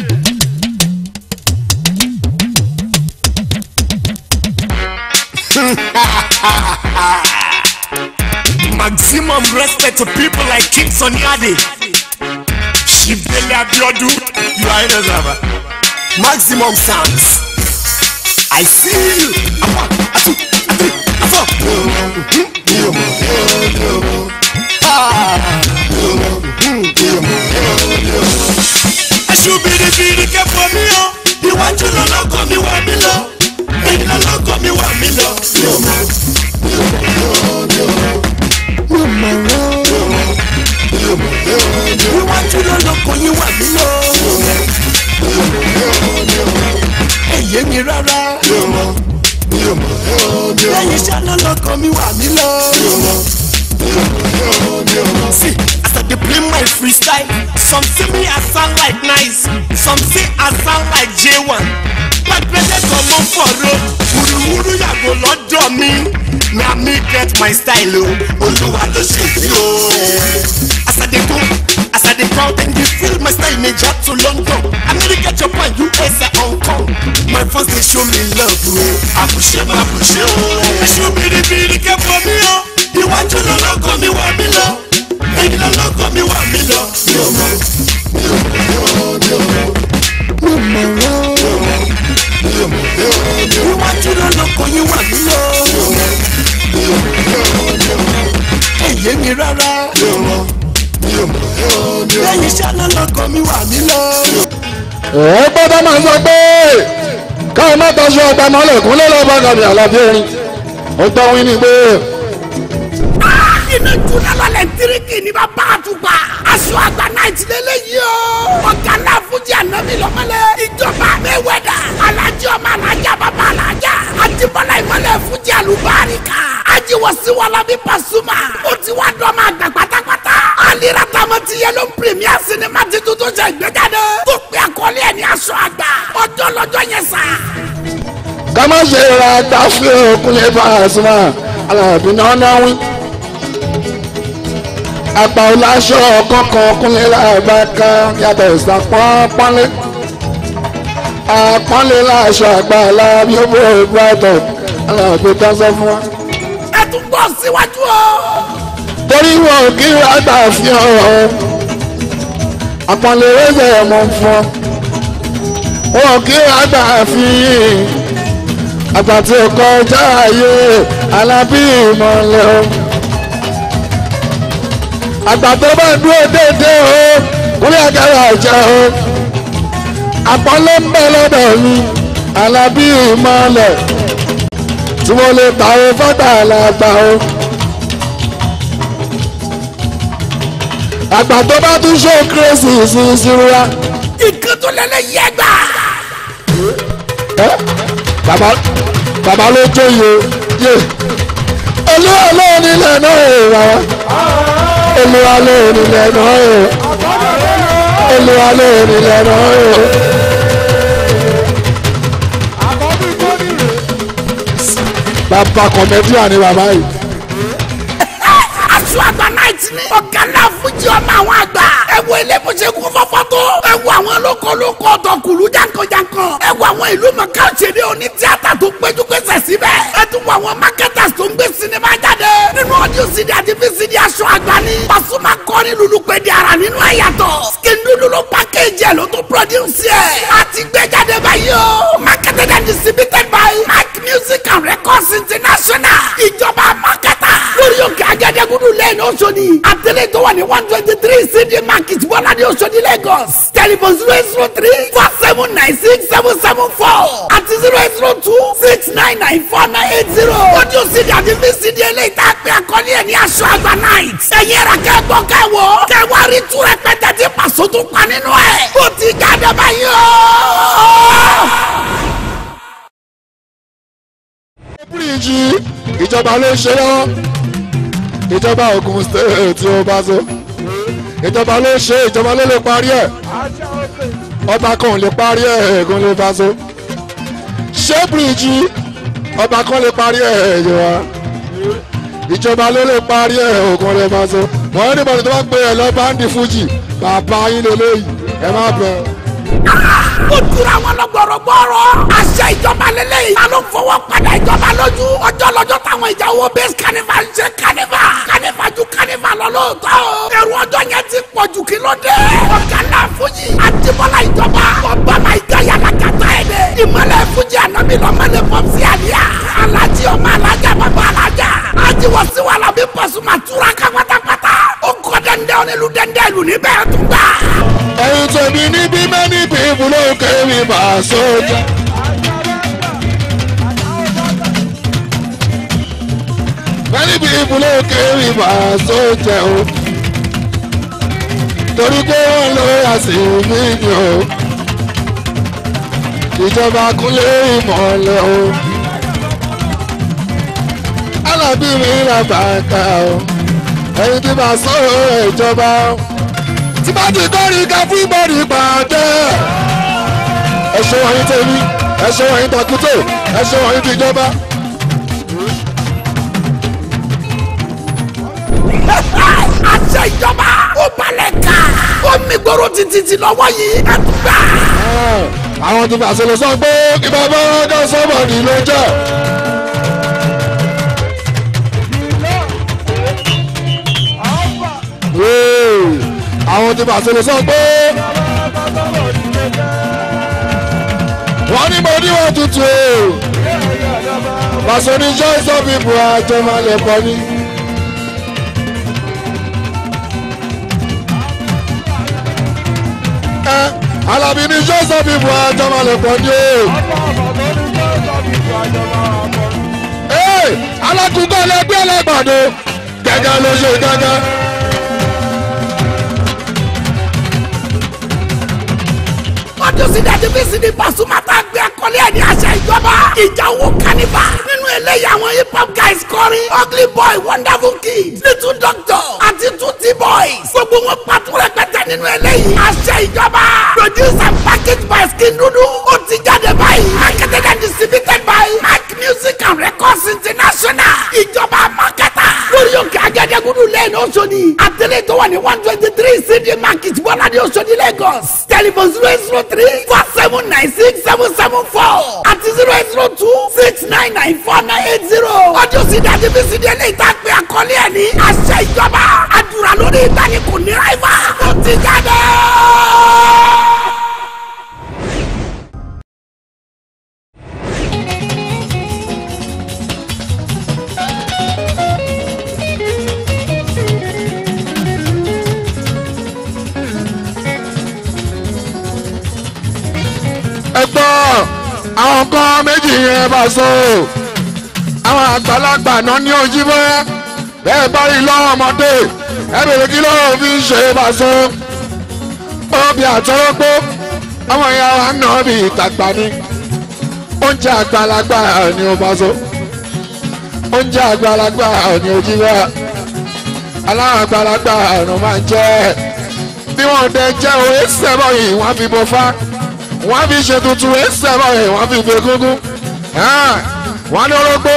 Maximum respect to people like Kingston Yadi. Shibele Abiodu, you are in a Maximum sounds. I see you. I'm one, a two, a I should be the beauty for me. Oh. You want to know, come, you want me, love. ẹ̀yin ọlọ́kọ̀ mi wà mí lọ. mi ò mọ̀ mi ò mọ̀ mi ò mi ò mi ò mọ̀ mi ò mọ̀ mi ò mọ̀ mi ò mi ò. wíwájú lọ́lọ́kọ̀ yín wà mí lọ. mi ò mọ̀ mi ò mọ̀ mi ò mi ò. ẹ̀yẹ mi rárá. mi ò mọ̀ mi ò mọ̀ mi ò mi ò. lẹ́yìn iṣẹ́ lọ́lọ́kọ̀ mi wà mí lọ. mi see as i dey play my freestyle some see me as sound like nice some see i sound like j1 pẹ́pẹ́lẹ́ kan mo fọ̀rọ̀ wúruwúru yàgò lọ́dọ̀ mi na me get my style o olúwa ló ṣe mí o. as i dey go as i dey come dem feel my style naija to london america japan us and hong kong my fans dey show me love o àbùṣe má bùṣe o. aṣọ biribiri kẹ́kọ̀ọ́ mi o iwájú lọ́lọ́kọ̀ mi wà mí lọ ẹ̀yìn lọ́lọ́kọ̀ mi wà mí lọ mi ò mọ̀ mi ò mọ̀ mi ò mọ̀ mi ò mọ̀ mi ò mọ̀. Ìwà tí ló lọkọ̀ yín wà nílò. Èyí mi rárá. Lẹ́yìn iṣẹ́ náà lọkọ̀ mi wà nílò. Ẹ̀ẹ́dẹ́ bá máa sọ pé káwọn má tọ́jú ọgbà mọ́lẹ̀kún lọ́lọ́ bá gàmì àlàbí erin. Ó gbọ́ wí ni pé. Á nínú ìtura lọ́lẹ́ ẹlẹtiriki ní bá bá a tún aṣọ àgbà náà ti lé o. ọ̀gá náà fújì ànábì lọ́mọlẹ̀. ìjọba mẹ́wẹ́dà. alájọ ọmọ alájà bàbá alájà. àtibọ́lá ìmọ̀lẹ̀ fújì àlùbáríkà. ajiwọ̀síwọ̀lá bí Pasuma. ó ti wá dọ́mọ àgbà pátápátá. alira tamọ ti yẹ ló sinimá ti tuntun ṣe ìgbéjáde. tó pe àkọlé ẹ̀ ní aṣọ àgbà. ọjọ́ lọ́jọ́ yẹn sà. kàmáṣe ra tàfíò kúnlẹ̀ Pasuma alábìnrin náà náà wí àgbà ọláṣọ kọ̀ọ̀kan kúnlẹ̀ láàbá kan yàtọ̀ ìsàpọ̀ pọ́nlé àpọ́nlé láṣọ àgbà aláàbí ọ̀bọ̀ ìbúrọ̀tọ̀ aláàbí dáńsọ́ fún wa. ẹ tún bọ̀ síwájú o. torí wọn ò kí wàá gbà fi hàn ọ́ àpọ́nlé rẹ́sẹ̀ mọ̀ fún ọ wọn ò kí wàá gbà fi àgbà tí ó kọjá ayé alábí ìmọ̀lẹ́ o àgbàdo bá ń dúró déédé o kúlẹ̀ àgàrà ìjà o àpọ́nlé ń bẹ lọ́dọ̀ mi alábí ìmọ̀lẹ̀ tí wọ́n lè ta o fọ́tà làgbà o. àgbàdo bá tún ṣe kérésì ìsinsinru wa. ìkan tó lẹ́lẹ̀ yẹ gbà. bàbá ló jó yìí olú ọlọ́ọ̀ni lẹ́nu ìwà wa. Olúwa lóore lẹ́nu ọ̀rẹ́ Olúwa lóore lẹ́nu ọ̀rẹ́. Bàbá kọ̀mẹ́díà ni bàbá yìí. wo elébùsẹ̀kù fọ́fọ́ tó. ẹ wo àwọn lókolókó ọ̀tọ̀kùlú jankan-jankan. ẹ wo àwọn ìlú mọ̀ká òṣèré oní tíátà tó péjúpésẹ̀ síbẹ̀. ẹ tún wo àwọn marketers tó ń gbé sinimá jáde. nínú ọdún cd àti vcd aṣọ àgbáni. Pasuma kọ́ni lulu pé di ara nínú ẹ̀yàtọ̀. skin lulu ló package ẹ̀ ló tún produce ẹ̀. a ti gbé jáde báyìí o. marketed and distributed by Mike Music and Records International. ìjọba market gòkè agadagudu lẹ́yìn Oṣòdì àtẹlẹ tó wà ní one twenty three cd market bọ́lá ní Oṣòdì Lagos telephone zero eight zero three four seven nine six seven seven four àti zero eight zero two six nine nine four nine eight zero. ojú cd àti vcd eléyìí tá a pè àkọlé ẹ̀ ní aṣọ àgbà night. ẹ̀yin ẹ̀rọ kẹ́gbọ́ kẹ́wọ́ kẹ́wọ́ rí tú rẹpẹtẹ tí pàṣẹ tó pa nínú ẹ̀. ó ti jáde báyìí o bíríìjì ìjọba ló ń ṣe lọ́wọ́ ìjọba Ògùn eh, eh, tí ó bá so ìjọba ló ṣe ìjọba ló lè parí ẹ̀ ọba kan ò lè parí ẹ̀ ègún eh, ló bá so ṣé bíríìjì ọba kan lè parí ẹ̀ ìjọba ìjọba ló lè parí ẹ̀ Ògùn ló bá so wọ́n ní bọ̀dọ̀ tó bá gbé ẹ̀ lọ́ ń di fújì bàbá yín lélẹ́yìí ẹ má bẹ̀rù ó dúró àwọn lọ́gbọ̀rọ̀gbọ̀rọ̀ àṣẹ ìjọba lélẹ́yìí ta ló fọwọ́ padà ìjọba lójú ọjọ́ lọ́jọ́ táwọn ìjà owó bẹ́ẹ̀ kànífà ń ṣe kànífà kànífà ju kànífà lọ lóòótọ́ ẹ̀rù ọjọ́ yẹn ti pọ̀ ju kí ló dé ọ̀gá náà fújì àdìmọ́lá ìjọba ọ̀bá máa ìjọ yàrá kàtà ẹ̀ dẹ́ ìmọ̀lẹ̀ fújì ànábì lọ́mọlẹ̀ pọ̀psi àlíyà alájí ọmọ alájà bàbá alájà àjẹwọ́sí wàlábí pọ̀sùmá ẹ̀yin tèmi níbí mẹ́ni pípù ló kẹ́mi bá sójà. mẹ́ni pípù ló kẹ́mi bá sójà o torí pé wọ́n lọ àsìmí ni o ìjọba kúnlé ìmọ̀lẹ́ o alábí mi ra bàtà o ẹ̀yin tí bá sọ̀rọ̀ ìjọba o tí bá ti kọrin ká fún bọ́ọ̀lì pàtẹ́. ẹ ṣe wọ́n yín tẹ́lí ẹ ṣe wọ́n yín takuto ẹ ṣe wọ́n yín ti ìjọba. àṣẹ ìjọba ó balẹ̀ ká ó mi gbòòrò títí lọ́wọ́ yìí ẹ tún gbà. àwọn tó fà sọlọ sọ pé kí bàbá ọgá sọmọ nílé jẹ. Yeah àwọn ti Pasuma sọ pé wọ́n ní mo ní wọ́n tutù o Pasuma ní joyce of people àjọ máa lè pọ̀ ní. Alábí ní joyce of people àjọ máa lè pọ̀ ní o. alákùnkọ́ lẹgbẹ́ lẹ́gbàdo gẹ́gẹ́ ló ṣe gẹ́gẹ́. sí dàdí bí sí ni Pasuma tá a gbé akọ́lé ẹ̀ ní àṣà ìjọba ìjà owó kánífà eléyìí àwọn hip hop guys kọrin ugly boy wonderful kid little doctor àti two t boys gbogbo wọn pàtó rẹpẹtẹ nínú eléyìí àṣẹ ìjọba produced and package by skin dúdú ó ti jáde báyìí marketed and distributed by mac music and records international ìjọba marketer lórí òkè agẹdẹgudu lẹ́yìn Òṣòdì àtẹlẹ tó wà ní one twenty three cd market bọ́lá ní Òṣòdì Lagos telephone zero eight zero three four seven nine six seven seven four àti zero eight zero two six nine nine four nine eight zero. ọdún sí dájú bí sídìí eléyìí tá a pè ẹ̀ ní. àṣẹ ìjọba àdúrà lórí ìtàní ní ráìfà. ó ti jáde. ẹgbọ́n àwọn kan méjì yẹn bá so àwọn àgbàlagbà náà ní ojú bẹ́ẹ̀ bẹ́ẹ̀ bá rí lọ́wọ́ ọmọdé ẹ bèrè kí lọ́wọ́ fi ń ṣe Paso obì àtọwọ́gbó àwọn ìyá wa náà bí ìtàgbà ni oúnjẹ àgbàlagbà ni ó Paso oúnjẹ àgbàlagbà ni ojú bẹ́ẹ̀ aláwọ̀ àgbàlagbà ni ó máa ń jẹ́ bí wọ́n dẹ jẹ́ òye sẹ́bọ̀ yìí wọ́n fi bọ́ fá wọ́n fi ṣe tuntun òye sẹ́bọ̀ yìí wọ́n fi gbé gúngún wọn ní orógbó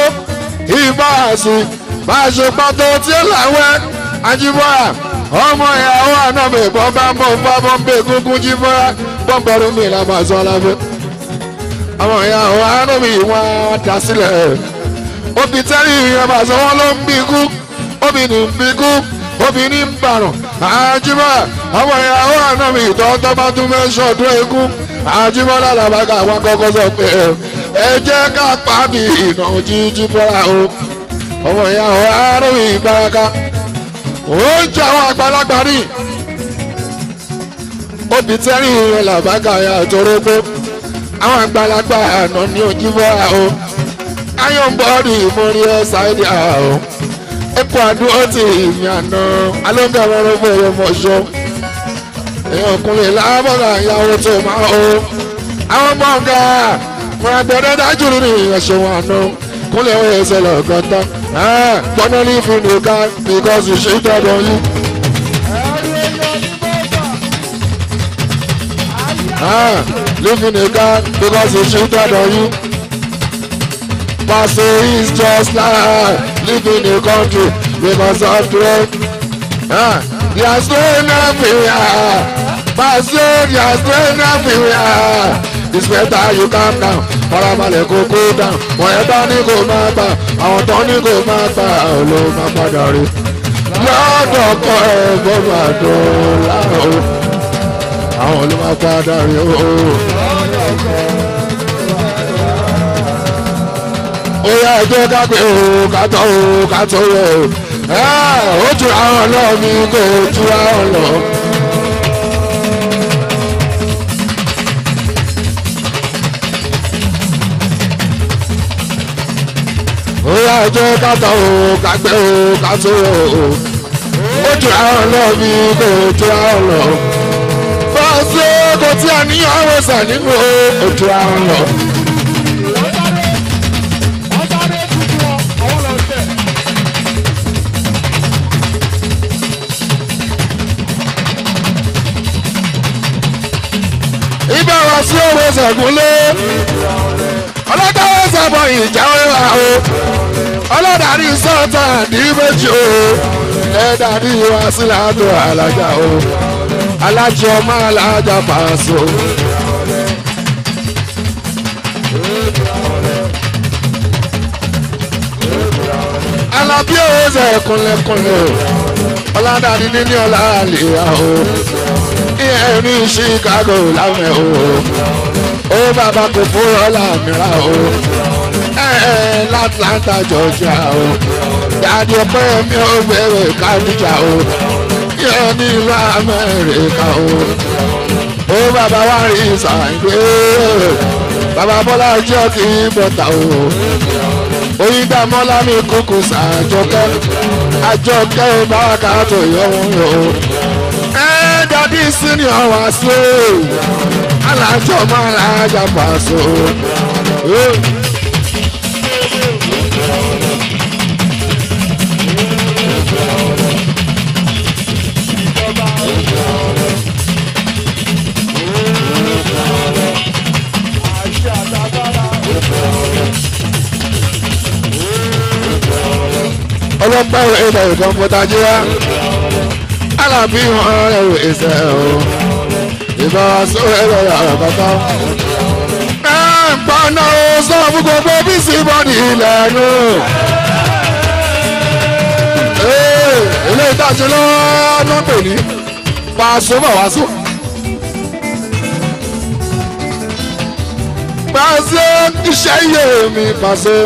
ìbáàsì báṣọ pátó tí ó làwẹ́ ajíbọ́ra ọmọ ìyàwó ànábì bọ́mbà bọ́mbà bọ́mbà egungun jíbọ́ra bọ́mbà rúmi làbàṣọ alábẹ́ ọmọ ìyàwó ànábì wọn ta sílẹ̀ obì tẹ́lẹ̀ ìyẹn bàṣọ wọn ló ń bí ikú obì ní ń bí ikú obì ní ń bàrùn àjíbọ́ra ọmọ ìyàwó ànábì ìtọ́ tọ́ bá tún mẹ́sọ̀ọ́dún ikú àjíbọ́ra làbàgà àwọn kọ́kọ́ sọ pé ẹ̀. ẹ jẹ́ ká pàmì ìnà jíjí bọ́ra o ọmọ ìyá o arúgbó ìgbàlagà oúnjẹ àwọn àgbàlagbà rí obì tẹ́rì rẹ̀ làbága ya àjọrógbó àwọn àgbàlagbà àná ní ojú bọ́ra o iron body ìmọ̀rí ọ̀sà ìdí àhọ́ ẹ̀kọ́ àdúró ti ìmì àná alóńgá ọ̀rọ̀ fún ẹ̀yọ́ mọ̀ṣọ́ èèyàn ọkùnrin làbọ̀gà tó máa o àwọn ọmọ ọ̀gá. máa gbọ́dọ̀ dájú ní ẹ̀ṣẹ̀ wọn àná kúnlẹ̀ wọ́n yẹ sẹ́lẹ̀ ọ̀gọ́ta gbọ́dọ̀ ní fún nìka nìkan sì ṣe dọ́dọ̀ yìí. Living a God because he cheated on you. Pastor is just like living a country because of drug. Ah, there's no nothing. Ah. Pastor, there's no nothing. Ah. It's better you calm down farabalẹ̀ kó cool down wọ̀nyẹn bá ní kó máa gbà àwọn tán ní kó máa gbà ó ló máa padà rí. lọ́dọ̀ ọkọ ẹ gbọ́dọ̀ àdó láàrọ̀ o àwọn ló máa padà rí o. Oh, oh. ó yá ẹjọ́ ká pé o oh, ká tọ́ o ká tọ́ o ó jura ọ̀nà mi kò jura ọ̀nà mi. ó yá ẹjẹ́ kátà o kágbẹ́ o kátó o ó jura ọlọ́ mi kò jura ọlọ́ fọ́ọ̀sì kò tí a níyàn àwọn sàn nínú o ó jura ọlọ́. sí òwe ṣẹ̀gúnlé ọlọ́dọ̀ ọ̀sẹ̀ bọ̀ ìjà ọ̀la o ọlọ́dàrí sọ́ọ̀tà ní méjì o ẹ̀ẹ́dàrí wàsílàdù alájà o alájọ máa alájà pàṣọ. alábí òòzà ẹ̀kúnlẹ̀kúnlẹ̀ o ọlọ́dàrí níní ọ̀la àlèyá o ìyẹn ní Chicago lámẹ́ o ó bàbá kò fún ọ̀la mìíràn o látlanta Georgia o dáàdi ọpẹ́ mi ò bẹ̀rẹ̀ kábíjà o yóò ní ìlú Amẹ́ríkà o ó bàbá wa rí sàǹgbé bàbá Bọ́lá jẹ́ kí n bọ̀tà o oyinda mọ́lá mi kúkú sàjọkẹ́ àjọkẹ́ báwa ká tó o ẹ dadi senior wa so alájọ máa ń lajà pa so. agbára ẹ̀dá ìdán mọ́ta jíra alábí wọn ẹ̀rù ìṣẹ̀ o ìbá sọ ẹ̀rọ yàrá bàbá. ẹ̀ ń paná o sọ fún gbogbo bí sí bọ́ọ̀dì ilẹ̀ nù. ilé ìtajà lọ́dún tòní Paso bá wá sọ. Paso iṣẹ́ iye mi Paso.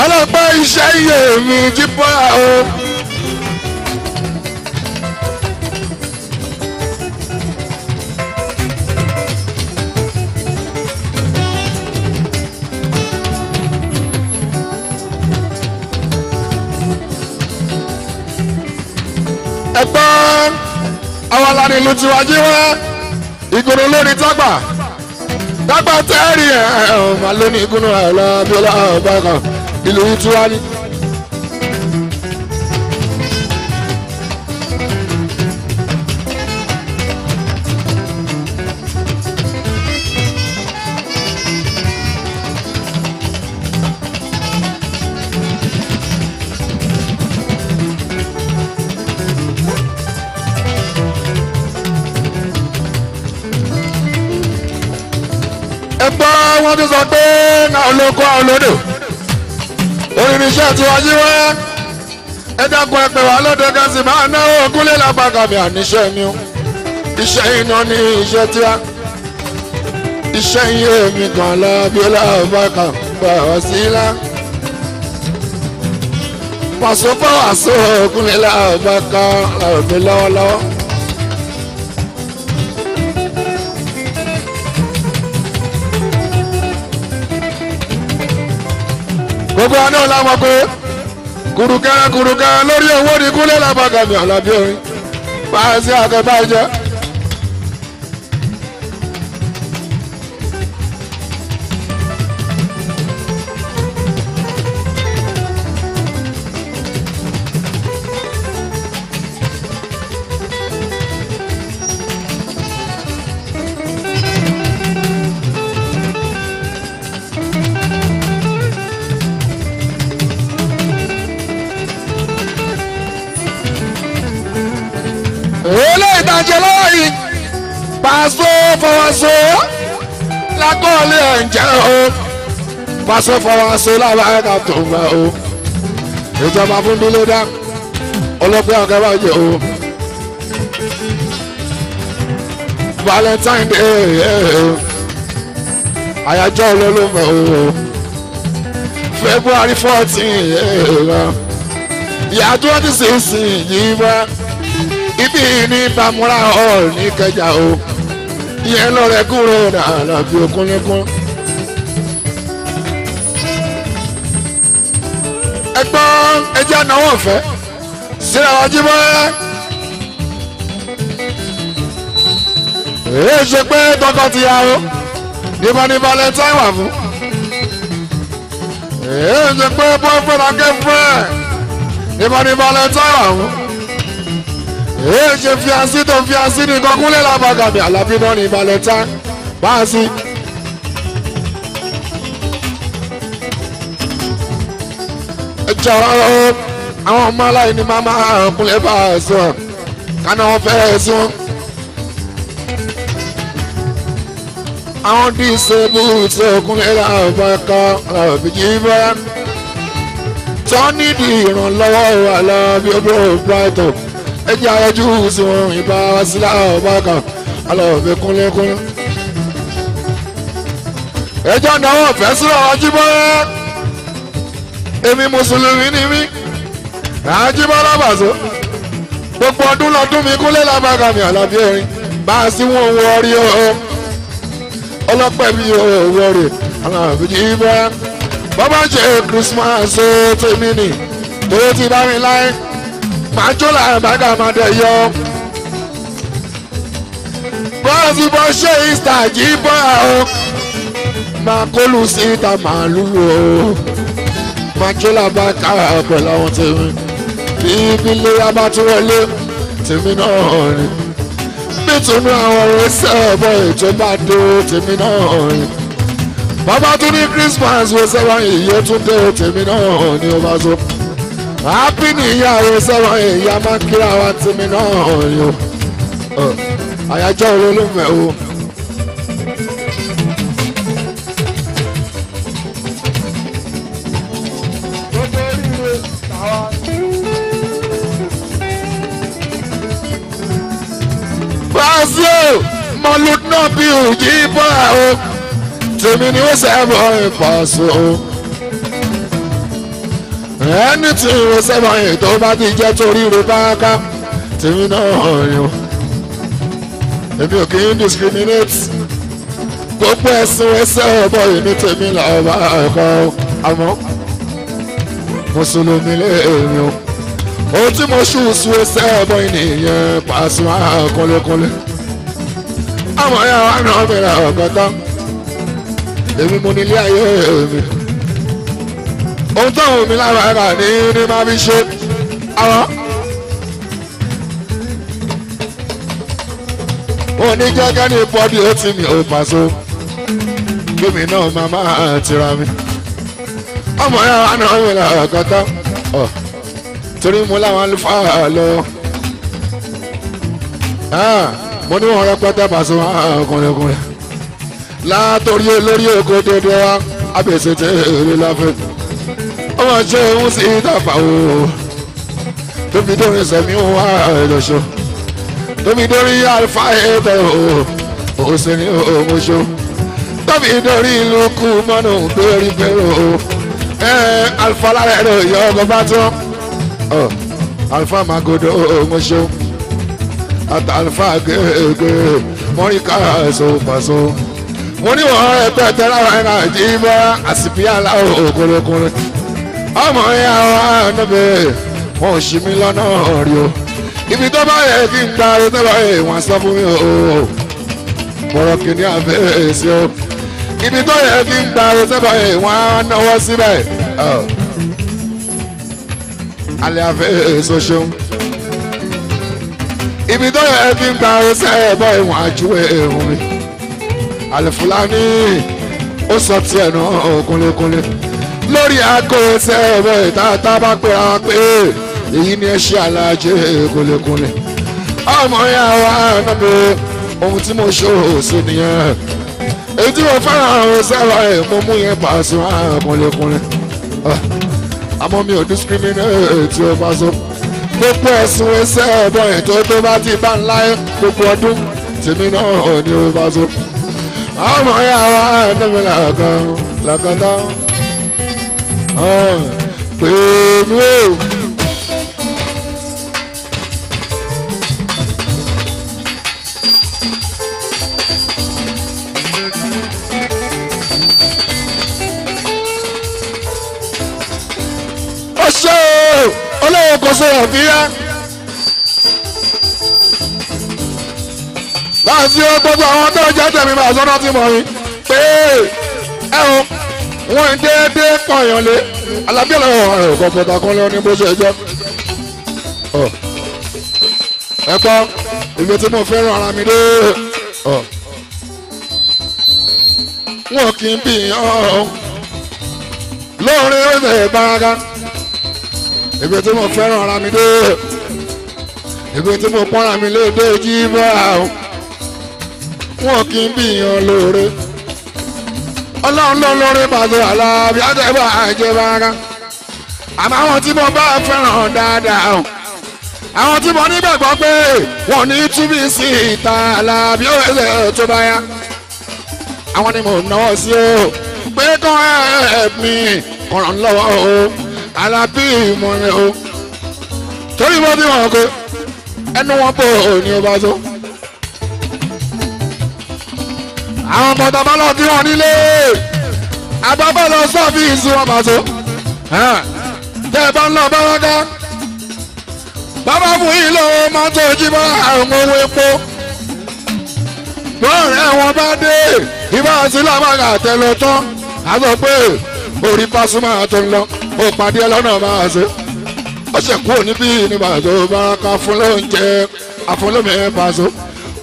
ọlọ́pàá iṣẹ́ iye mi jípọ́ o. ẹ̀gbọ́n àwọn alánilú ti wájú wá ìgboro lórí tágbà tágbà tẹ́ẹ̀rì ẹ̀ ẹ̀ ọ̀ màlúù ní ìgúnnú ẹ̀ lọ́ọ́ bí ọlọ́ọ̀ ìlú ìtura ni. ẹ gbọ́ wọ́n tún sọ pé náà ló kọ́ ọ lódò orin iṣẹ́ tí wọ́n yí wá ẹ dákun ẹ pè lọ́dọ̀ gẹ̀ẹ́sì máa náwó ogúnlé làbàgàmì àníṣe ni o iṣẹ́ iná ní iṣẹ́ tí a iṣẹ́ iye mi kan lábíọ́lá ọ̀bàkà gbà ọ́ sílá pàṣẹ fọwọ́ àṣọ ogúnlé làbàkà làbẹ̀ lọ́wọ́lọ́wọ́. gbogbo àná ọ̀la mọ̀ pé kùrùkẹ́ kùrùkẹ́ lórí owó ni kúlẹ̀ làbàgàmì àlàbí orin bá a ṣe àkẹ́bá jẹ́. jẹ yìí pàṣẹ fọwọ́sọ lákọ́ọ̀lẹ́ ẹ̀ o pàṣẹ fọwọ́sọ lábàáyà tó ń bẹ o ìjọba fún mi ló dá ọlọ́pẹ́ ọ̀gá o Valentine Day àyájọ́ olólùfẹ́ o February fourteen yàtọ̀ ọdún sísìn yìí bá níbi ní bàmúrà hall ní kẹjà o ìyẹn lọ́rẹ̀ kúrò nàánà bí okúnlẹ́kún. ẹgbọ́n ẹjẹ́ ànáwó ọ̀fẹ́ síra wájú mọ́ ẹ́. èyí ṣe pé tọkọ-tìyàwó níbo ni valentine wà fún. èyí ṣe pé boyfriend and girlfriend níbo ni valentine wà fún èèjì fiasi tó fiasi ní kọkúnlẹ̀ làbàgàmì àlàbí náà ní ìbàlẹ̀ tán báàsì. ẹ jọ̀ọ́ àwọn ọmọ aláìní máa máa kúnlẹ̀ bá a sùn kaná wọn fẹ́ sùn. àwọn díṣẹ́bù tó kúnlẹ̀ làbàkàn àbíjí bá tọ́ nídìí ìrànlọ́wọ́ wà lábẹ́ ọdún brighton ẹ jẹ́ àyọjú sí wọn ìbá wa sílá ọba kan alọ́ọ̀fẹ́ kúnlẹ́kúnlẹ́. ẹ jẹ́ àdáwọ̀ ọ̀fẹ́ sílá Ajíbọ́lá èmi mùsùlùmí ni mí Ajíbọ́lá Bàṣọ gbogbo ọdún lọ́dún mi kúnlẹ̀ lábàgà mi àlàbí ẹ̀rín bá a sí wọn wọ rí o ọlọ́pẹ́ mi ò wọ rè alọ́ọ̀fẹ́ jí bọ́ bọ́ bá ṣe Christmas tèmi nì tó ti bá mi láyé màá jó làwọn bàgà máa dẹ̀ yọ. bọ́ọ̀sì bọ́ ṣé ìsà jí bọ́ ọ máa kólú sí ìta màá lúwo màá jó làbá kára pẹ̀lú àwọn tèmi bí ìbílé yaba tún wọlé tèmi náà rìn nítorí àwọn ẹsẹ̀ ọ̀bọ ètò bá dé tèmi náà rìn bàbá tún ní Christmas wo sẹ́wọ̀n ìyẹ́ tún dé tèmi náà ní ọba tó happy níyàwó sọ̀rọ̀ èèyàn máa ń kíra wa tèmi náà yó oh, àyájọ́ olólùfẹ́ o. Brazil mọ̀lúdínà bí òjì bọ́ ẹ̀ o tèmi ni ó sẹ́ bọ́ ẹ̀ pàṣẹ o ẹni tí mo sẹ́wọ̀n yìí tó bá ti jẹ́ torí ro báńkà tèmi náà yàn èmi ò kì í discriminate gbogbo ẹ̀sìn ẹsẹ̀ ọ̀bọ yìí ní tèmi làwọn bá ẹ̀kọ́ àmọ́ mùsùlùmí lèmi o ohun tí mo ṣù sú ẹsẹ̀ ọ̀bọ yìí nìyẹn Pasuma kúnlékúnlé àmọ́ yàrá náà mi ra ọ̀gọ́ta èmi mo nílé ayé mi ohun tó wù mí lára rà ni ní máa fi ṣe àwọn. onígẹ́gẹ́ ní bọ́dí ó ti mi ò pàṣọ gbèmí náà máa máa tira mi ọmọ yẹn wà náà wò lọ ọ̀kọ́tọ́ torí mo láwọn àlùfáà lọ mo ní wọn rẹpẹtẹ pàṣẹ wọn ọkùnrin ọkùnrin látòrí olórí òkú dédé wa abèsè tẹ èrè láfẹ́ ó máa ṣe ń sí ìtàfà o tóbi dórí sẹ̀mí wá ẹ̀dọ̀ṣọ́ tóbi dórí alfa ẹ̀bẹ̀ o òsèré òmùṣọ́ tóbi dórí ìlú kú mọ́nà dórí bẹ̀rẹ̀ o alfa lára ẹ̀rọ ìyá ọgbọ́n bá tán alfa magodo òmùṣọ́ àtàlfà gègé mọ́ríkà ẹ̀sọ́ pàṣọ mo ní wọ́n ẹgbẹ́ tẹ́lá ẹ̀rọ ìjì bá àsìpíyà láwọn òkúrokùnrin ọmọ ya wa níbẹ̀ wọn ò ṣì mí lọ́nà rí o ibi tó bá yẹ kí n darí tó bá yẹ wọn sọ fún mi o mọ̀rọ̀ kìíní àfẹ́ẹ̀sì o ibi tó yẹ kí n darí tó bá yẹ wọn á náwó síbẹ̀ alẹ́ àfẹ́ẹ̀sì o ṣeun ibi tó yẹ kí n darí tó bá yẹ wọn á ẹ̀hún mi àlẹ́ fúlàní ó sọ tiẹ̀ náà kúnlẹ̀kúnlẹ̀ lórí aago sẹ́ẹ̀bẹ̀ tata bá pera pé èyí ni ẹ ṣe àlàjẹ kúlẹ̀kúlẹ̀ ọmọ yà wá nàbẹ ohun tí mo ṣe òsì nìyẹn èyí tí mo fẹ́ràn àwọn sẹ́wà ẹ̀ mo mú yẹn pàṣẹ àmọ́lẹ́kúnlẹ̀ ah, àmọ́ mi ò discriminate tí o bá so gbogbo ẹ̀sùn ẹsẹ̀ ẹ̀bọ̀n ètò tó bá ti bá ńlá gbogbo ọdún tèmi náà ni o bá so ọmọ yà wá nàbẹ làkàn làkàn náà pè mí gbogbo àwọn tó ń jẹ́ tẹ̀mí máa sọ́nà tí mo rí pé ẹ wọ́n ń déédé kọ̀yàn lé alábí ọ̀rọ̀ ọ̀rọ̀ kọ̀kọ̀tà kan lọ ní bó ṣe jẹ́. ẹ gbọ́ ibi tí mo fẹ́ràn ara mi dé. wọn kì í bì ọ́ lórí ọ̀sẹ̀ ìbáraga ibi tí mo fẹ́ràn ara mi dé ibi tí mo pọ́nra mi lé dé jí bá wọn kì í bì ọ́ lóore ọlọ́run ló lórí pàṣẹ aláàbí àtẹ̀bà àjẹbára àmọ́ àwọn tí mo bá fẹ́ràn dáadáa o àwọn tí mo nígbàgbọ́ pé wọ́n ní túbí sí ìta aláàbí ọ̀rẹ́sẹ̀ tó bá yá àwọn ni mo náwó sí o pé kàn ẹ̀ mi kọ̀ràn lọ́wọ́ o alábí ìmọ̀ràn o torí mo bí wọn kó ẹnu wọn bò ní ọba tó. àwọn ọmọ tàbá lọ bí wọn nílé àgbàgbà lọ sọ́ọ̀fíìsì wọn pàtó tẹ́ ẹ bá ń lọ báraká bàbá fún yìí lọ́wọ́ mọ́tò owó epo bọ́ọ̀rẹ́ wọn bá dé ibà a sọ pé orí Pasuma tó ń ó pàdé ẹ lọ́nà máa ṣe ó ṣe kúrò níbí ní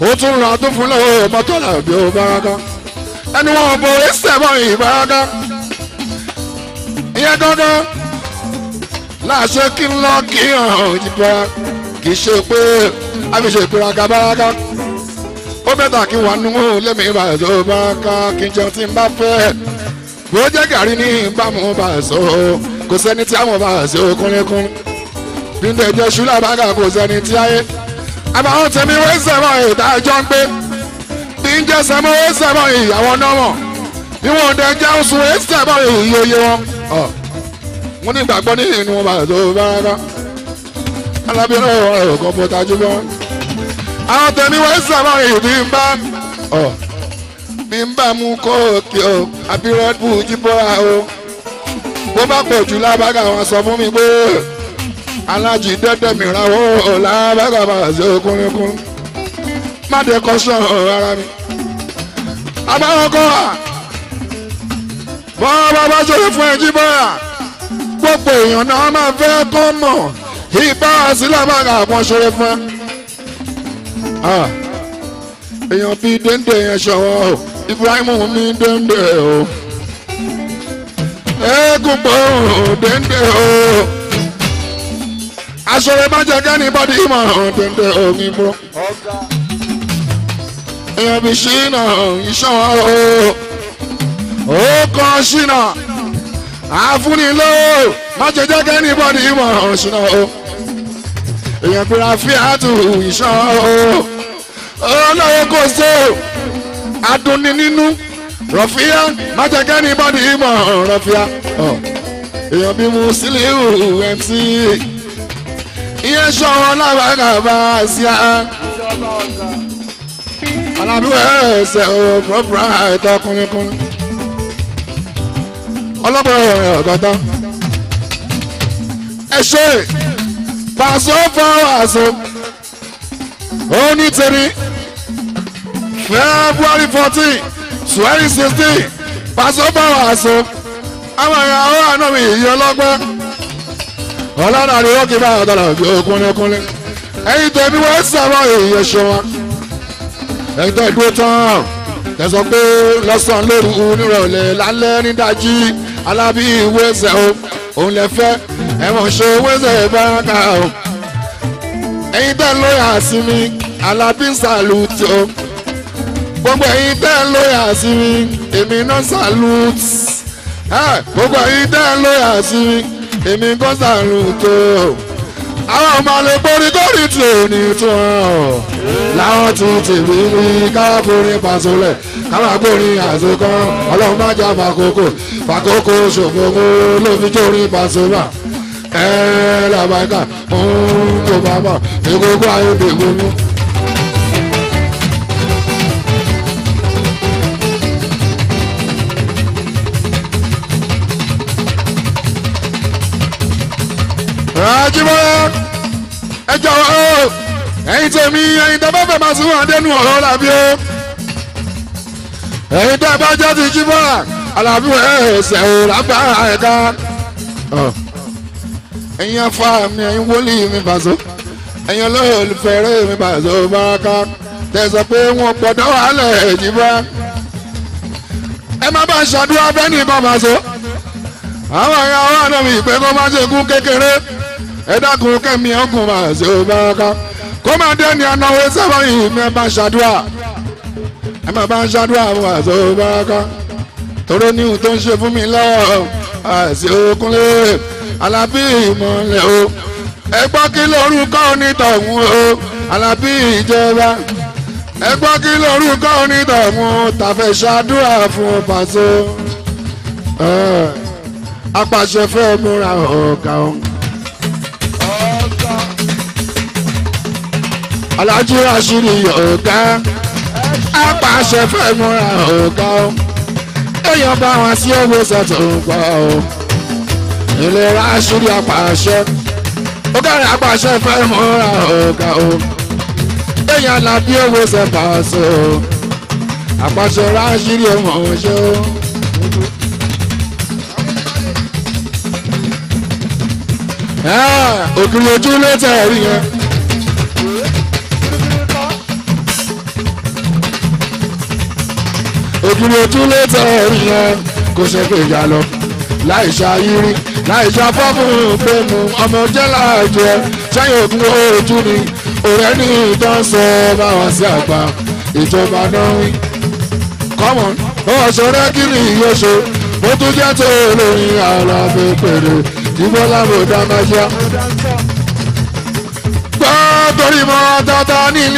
ó tún ra tó fún lọ́wọ́ mọ́tọ́lá bí ó báraká ẹni wọn bo ìsẹ̀mọ́ ìbáraká ìyẹn gángan láṣẹ kí n lọ kí hàn ìjìbá se í ṣe pé àfiṣe ìpìlàkà báraká ó bẹ́tà kí wà nú lémi ìbàdó báraká kí n jẹun tí n bá fẹ́ bó jẹ́ gàrí ní ìbámu bá a ba àbáwọn tèmi wé sẹ́mọ̀ ìdájọ́ ń gbé bí ń jẹ́ sẹ́mọ̀ wé sẹ́mọ̀ ìyàwó nọ́mọ̀ bí wọ́n dẹ jẹ́ oṣù wé sẹ́mọ̀ ìyóye wọn. mo ní ìgbàgbọ́ ní inú wọn bàtà tó bá rárá alábẹ́rẹ́ ọ̀rọ̀ ẹ̀rọ kan bó tajú bọ́. àwọn tèmi wé sẹ́mọ̀ ìbí ń bá bí ń bá mú kóòkì o àbí rẹ́dbù jíbọ́ra o bó bá pọ̀ jù lábàgà wọn sọ fún mi pé alájì dẹ́dẹ́ mìíràn wò ó lábàgà máa ṣe okúnlẹ́kún má dé kọ́sán ara mi. abáwọ̀kọ́ à bọ́ bàbá ṣòro fún ẹjí bọ́yà gbogbo èèyàn náà máa fẹ́ kọ́ mọ̀ ìbá sílẹ̀ máa gà wọ́n ṣòro fún ẹ. èèyàn bíi dénde yẹn ṣọwọ́ o Ibrahim mi dénde o eégún gbòòrò dénde o aṣọ rẹ má jẹ kẹ́ni bọ́dí ìmọ̀ràn tẹ̀tẹ̀ omi bọ́. èèyàn bí ṣínà iṣan ọ̀rọ̀ ó kọ́ ṣínà àfúnilò má jẹ jẹ́ kẹ́ni bọ́dí ìmọ̀ràn ṣínà ó. èèyàn pé àfíàtù iṣan ọ̀rọ̀ olówó kò so adùnni nínú rọ̀fíà má jẹ kẹ́ni bọ́dí ìmọ̀ràn rọ̀fíà. èèyàn bí mu mc ìyẹn sọ wọn lábàá kàbá sí a. alábíwẹ̀ ẹsẹ̀ o pọ̀pọ̀ àìtọ́ kúnlẹ̀kúnlẹ̀ ọlọ́pàá ọ̀gọ́ta ẹ ṣe pàṣẹ fọwọ́ àṣẹ ó ní tẹ̀lé february fourteen twenty sixteen pàṣẹ bá wà sọ àwọn ìyàwó àná mi yìí ọlọ́gbọ́n ọlọ́run àríwọ́ kí bá ọ̀dọ́là òbí okúnlẹ̀kúnlẹ̀ ẹ̀yin tẹ̀mí wọ́n sọ̀rọ̀ èèyàn ṣọwọ́ ẹ̀yin tẹ̀ dúró tán tẹ̀sán pé lọ́sàn-án lóru nírọ̀lẹ́ lálẹ́ nídàjí alábí ìwé ẹsẹ̀ o òun lè fẹ́ ẹ̀wọ̀n ṣe owó ẹsẹ̀ ìbáraka o ẹ̀yin tẹ̀ lóyà sí mi alábí salute o gbogbo ẹ̀yin tẹ̀ lóyà sí mi èmi náà salute gbogbo ẹ̀yin tẹ̀ lóyà sí mi èmi kò sàrùn tó àwọn ọmọ lè borí kórì tí ò ní tún ọ láwọn tún ti wí wí káàbórí pàṣẹlẹ káàbórí àṣekọ Ọlọ́run má jà fàkókò fàkókò ṣòfòfò ló jórí pàṣẹlẹ ẹ làbàkà tó bàbà egungun ayé dègbò mú. jọ̀wọ́ o ẹ̀yin tèmi ẹ̀yin tẹ́ bá fẹ́ máa sún àdénú ọ̀rọ̀ làbí o ẹ̀yin tẹ́ bá jẹ́ ti jí bọ́ra àlàbí ẹ̀ẹ́sẹ̀ ò lágbá ẹ̀ka ẹ̀yin afa mi ẹ̀yin wọlé mi bàzọ́ ẹ̀yin olólùfẹ́rẹ́ mi bàzọ́ bàákà tẹ̀sán pé wọ́n gbọ́dọ̀ wà lẹ̀ jí bá ẹ má bá ṣàdúrà bẹ́ẹ̀ nìkan bàzọ́ àwọn ẹ̀yà wà náà mi ìpè kó má ṣe kú kékeré ẹ dákun kẹ́mi ọ̀gùn máa ṣe ó bá ká kó máa dé ní anáwó sábà yìí mi ẹ bá ṣàdúrà ẹ máa bá ṣàdúrà wọn àṣẹ ó bá ká tóró ní ohun tó ń ṣe fún mi lọ́wọ́ àṣẹ òkúnlé alábí ìmọ̀lẹ̀ o ẹ gbọ́ kí lórúkọ onítọ̀hún o alábí ìjọba ẹ gbọ́ kí lórúkọ onítọ̀hún tàfẹ́ ṣàdúrà fún Paso apàṣẹ fẹ́ múra ọ̀gá ọ̀hún. Alhaji Rashidi ọ̀gá apàṣẹ fẹ́ múra ọ̀gá o èèyàn bá wọn sí owó sọ̀tọ̀ ọ̀gbà o ilé Rashidi apàṣẹ ọ̀gá rẹ̀ apàṣẹ fẹ́ múra ọ̀gá o èèyàn làbí owó sọ̀tọ̀ ọ̀sọ̀ apàṣẹ Rashidi ọmọ ọ̀ṣẹ́ o. ògiri ojú ló tẹ̀ rí yẹn. èdúró ojú ló tẹ ẹ̀rí yẹn kò ṣe pé ìjà lọ láì ṣàyírí láì ṣàfọ́fún pẹ̀lú ọmọ jẹ́ láàjẹ sẹ́yìn òkun ojú ni ọ̀rẹ́ ní ìdánsẹ́ báwọn sí àgbà ìjọba náà wí. kọ́mọ̀ ọ̀ṣọ́ rẹ́gìrì yóò ṣe mo tún jẹ́ tó olórin àlàfẹ́ pèrè ìbọn lábòdà máa yá. gbọ́ torí mọ́ tata nílé.